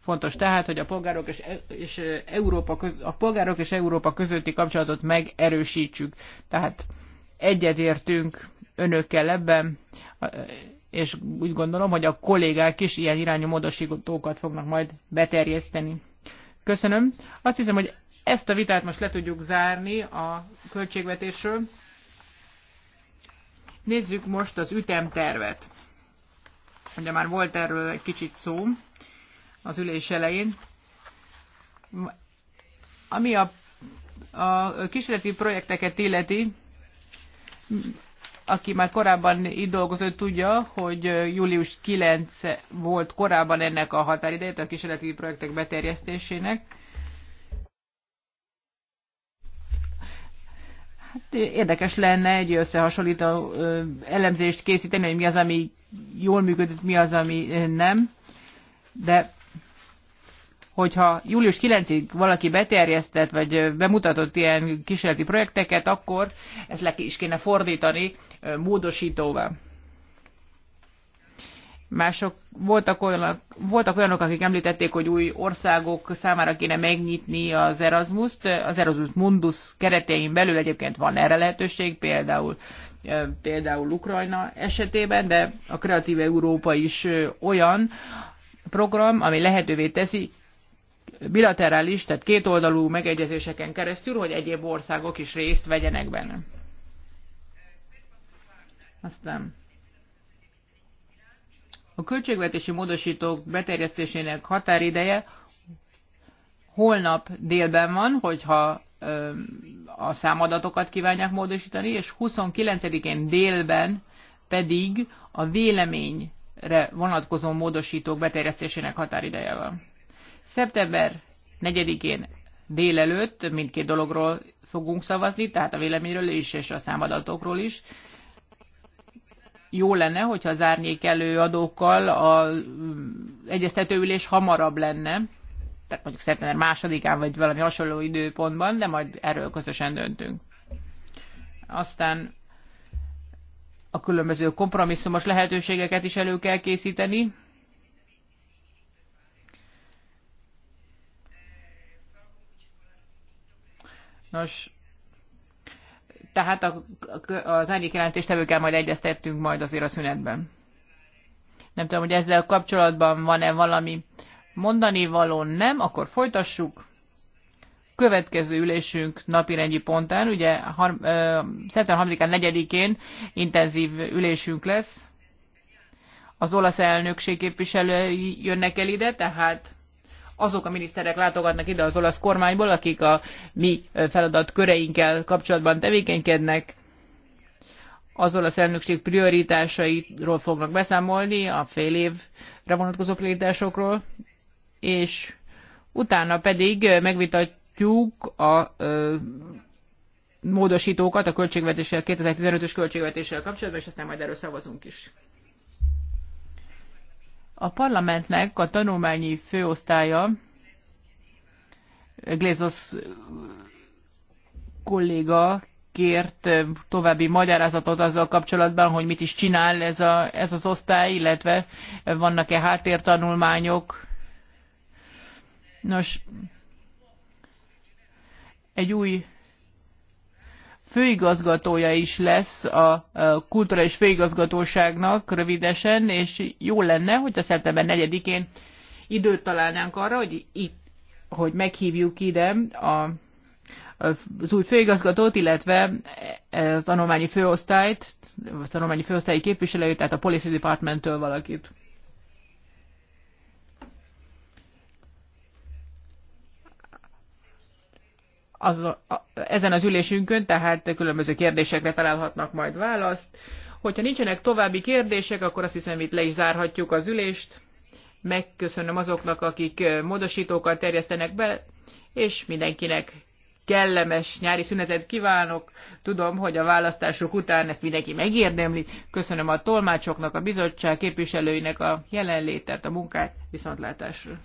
Fontos tehát, hogy a polgárok és, és Európa köz, a polgárok és Európa közötti kapcsolatot megerősítsük. Tehát egyetértünk önökkel ebben, és úgy gondolom, hogy a kollégák is ilyen irányú módosítókat fognak majd beterjeszteni. Köszönöm. Azt hiszem, hogy ezt a vitát most le tudjuk zárni a költségvetésről. Nézzük most az ütemtervet. Ugye már volt erről egy kicsit szó az ülés elején. Ami a, a kísérleti projekteket illeti, aki már korábban itt dolgozott, tudja, hogy július 9 volt korábban ennek a határideje, a kísérleti projektek beterjesztésének. Hát, érdekes lenne egy összehasonlító elemzést készíteni, hogy mi az, ami jól működött, mi az, ami nem. De hogyha július 9-ig valaki beterjesztett, vagy bemutatott ilyen kísérleti projekteket, akkor ezt le is kéne fordítani módosítóvá. Mások voltak olyanok, voltak olyanok, akik említették, hogy új országok számára kéne megnyitni az Erasmus-t. Az Erasmus Mundus keretein belül egyébként van erre lehetőség, például például Ukrajna esetében, de a Kreatív Európa is olyan program, ami lehetővé teszi bilaterális, tehát kétoldalú megegyezéseken keresztül, hogy egyéb országok is részt vegyenek benne. Aztán a költségvetési módosítók beterjesztésének határideje holnap délben van, hogyha a számadatokat kívánják módosítani, és 29-én délben pedig a véleményre vonatkozó módosítók beterjesztésének van. Szeptember 4-én délelőtt mindkét dologról fogunk szavazni, tehát a véleményről is és a számadatokról is jó lenne, hogyha az árnyék előadókkal az mm, egyeztetőülés hamarabb lenne, tehát mondjuk szeptember másodikán, vagy valami hasonló időpontban, de majd erről közösen döntünk. Aztán a különböző kompromisszumos lehetőségeket is elő kell készíteni. Nos, tehát a, az árnyék jelentéstevőkkel majd egyeztettünk majd azért a szünetben. Nem tudom, hogy ezzel kapcsolatban van-e valami mondani való, nem, akkor folytassuk. Következő ülésünk napirendi pontán, ugye szeptember 3-án 4-én intenzív ülésünk lesz. Az olasz elnökség képviselői jönnek el ide, tehát azok a miniszterek látogatnak ide az olasz kormányból, akik a mi feladat köreinkkel kapcsolatban tevékenykednek, az olasz elnökség prioritásairól fognak beszámolni, a fél évre vonatkozó prioritásokról, és utána pedig megvitatjuk a ö, módosítókat a költségvetéssel, 2015-ös költségvetéssel kapcsolatban, és aztán majd erről szavazunk is. A parlamentnek a tanulmányi főosztálya, Glézos kolléga kért további magyarázatot azzal kapcsolatban, hogy mit is csinál ez, a, ez az osztály, illetve vannak-e háttértanulmányok. Nos, egy új főigazgatója is lesz a Kultúra és Főigazgatóságnak rövidesen, és jó lenne, hogy a szeptember 4-én időt találnánk arra, hogy, itt, hogy meghívjuk ide a, az új főigazgatót, illetve az anományi főosztályt, az anományi főosztályi képviselőjét, tehát a Policy Department-től valakit. az, a, ezen az ülésünkön, tehát különböző kérdésekre találhatnak majd választ. Hogyha nincsenek további kérdések, akkor azt hiszem itt le is zárhatjuk az ülést. Megköszönöm azoknak, akik módosítókat terjesztenek be, és mindenkinek kellemes nyári szünetet kívánok. Tudom, hogy a választások után ezt mindenki megérdemli. Köszönöm a tolmácsoknak, a bizottság képviselőinek a jelenlétet, a munkát, viszontlátásra.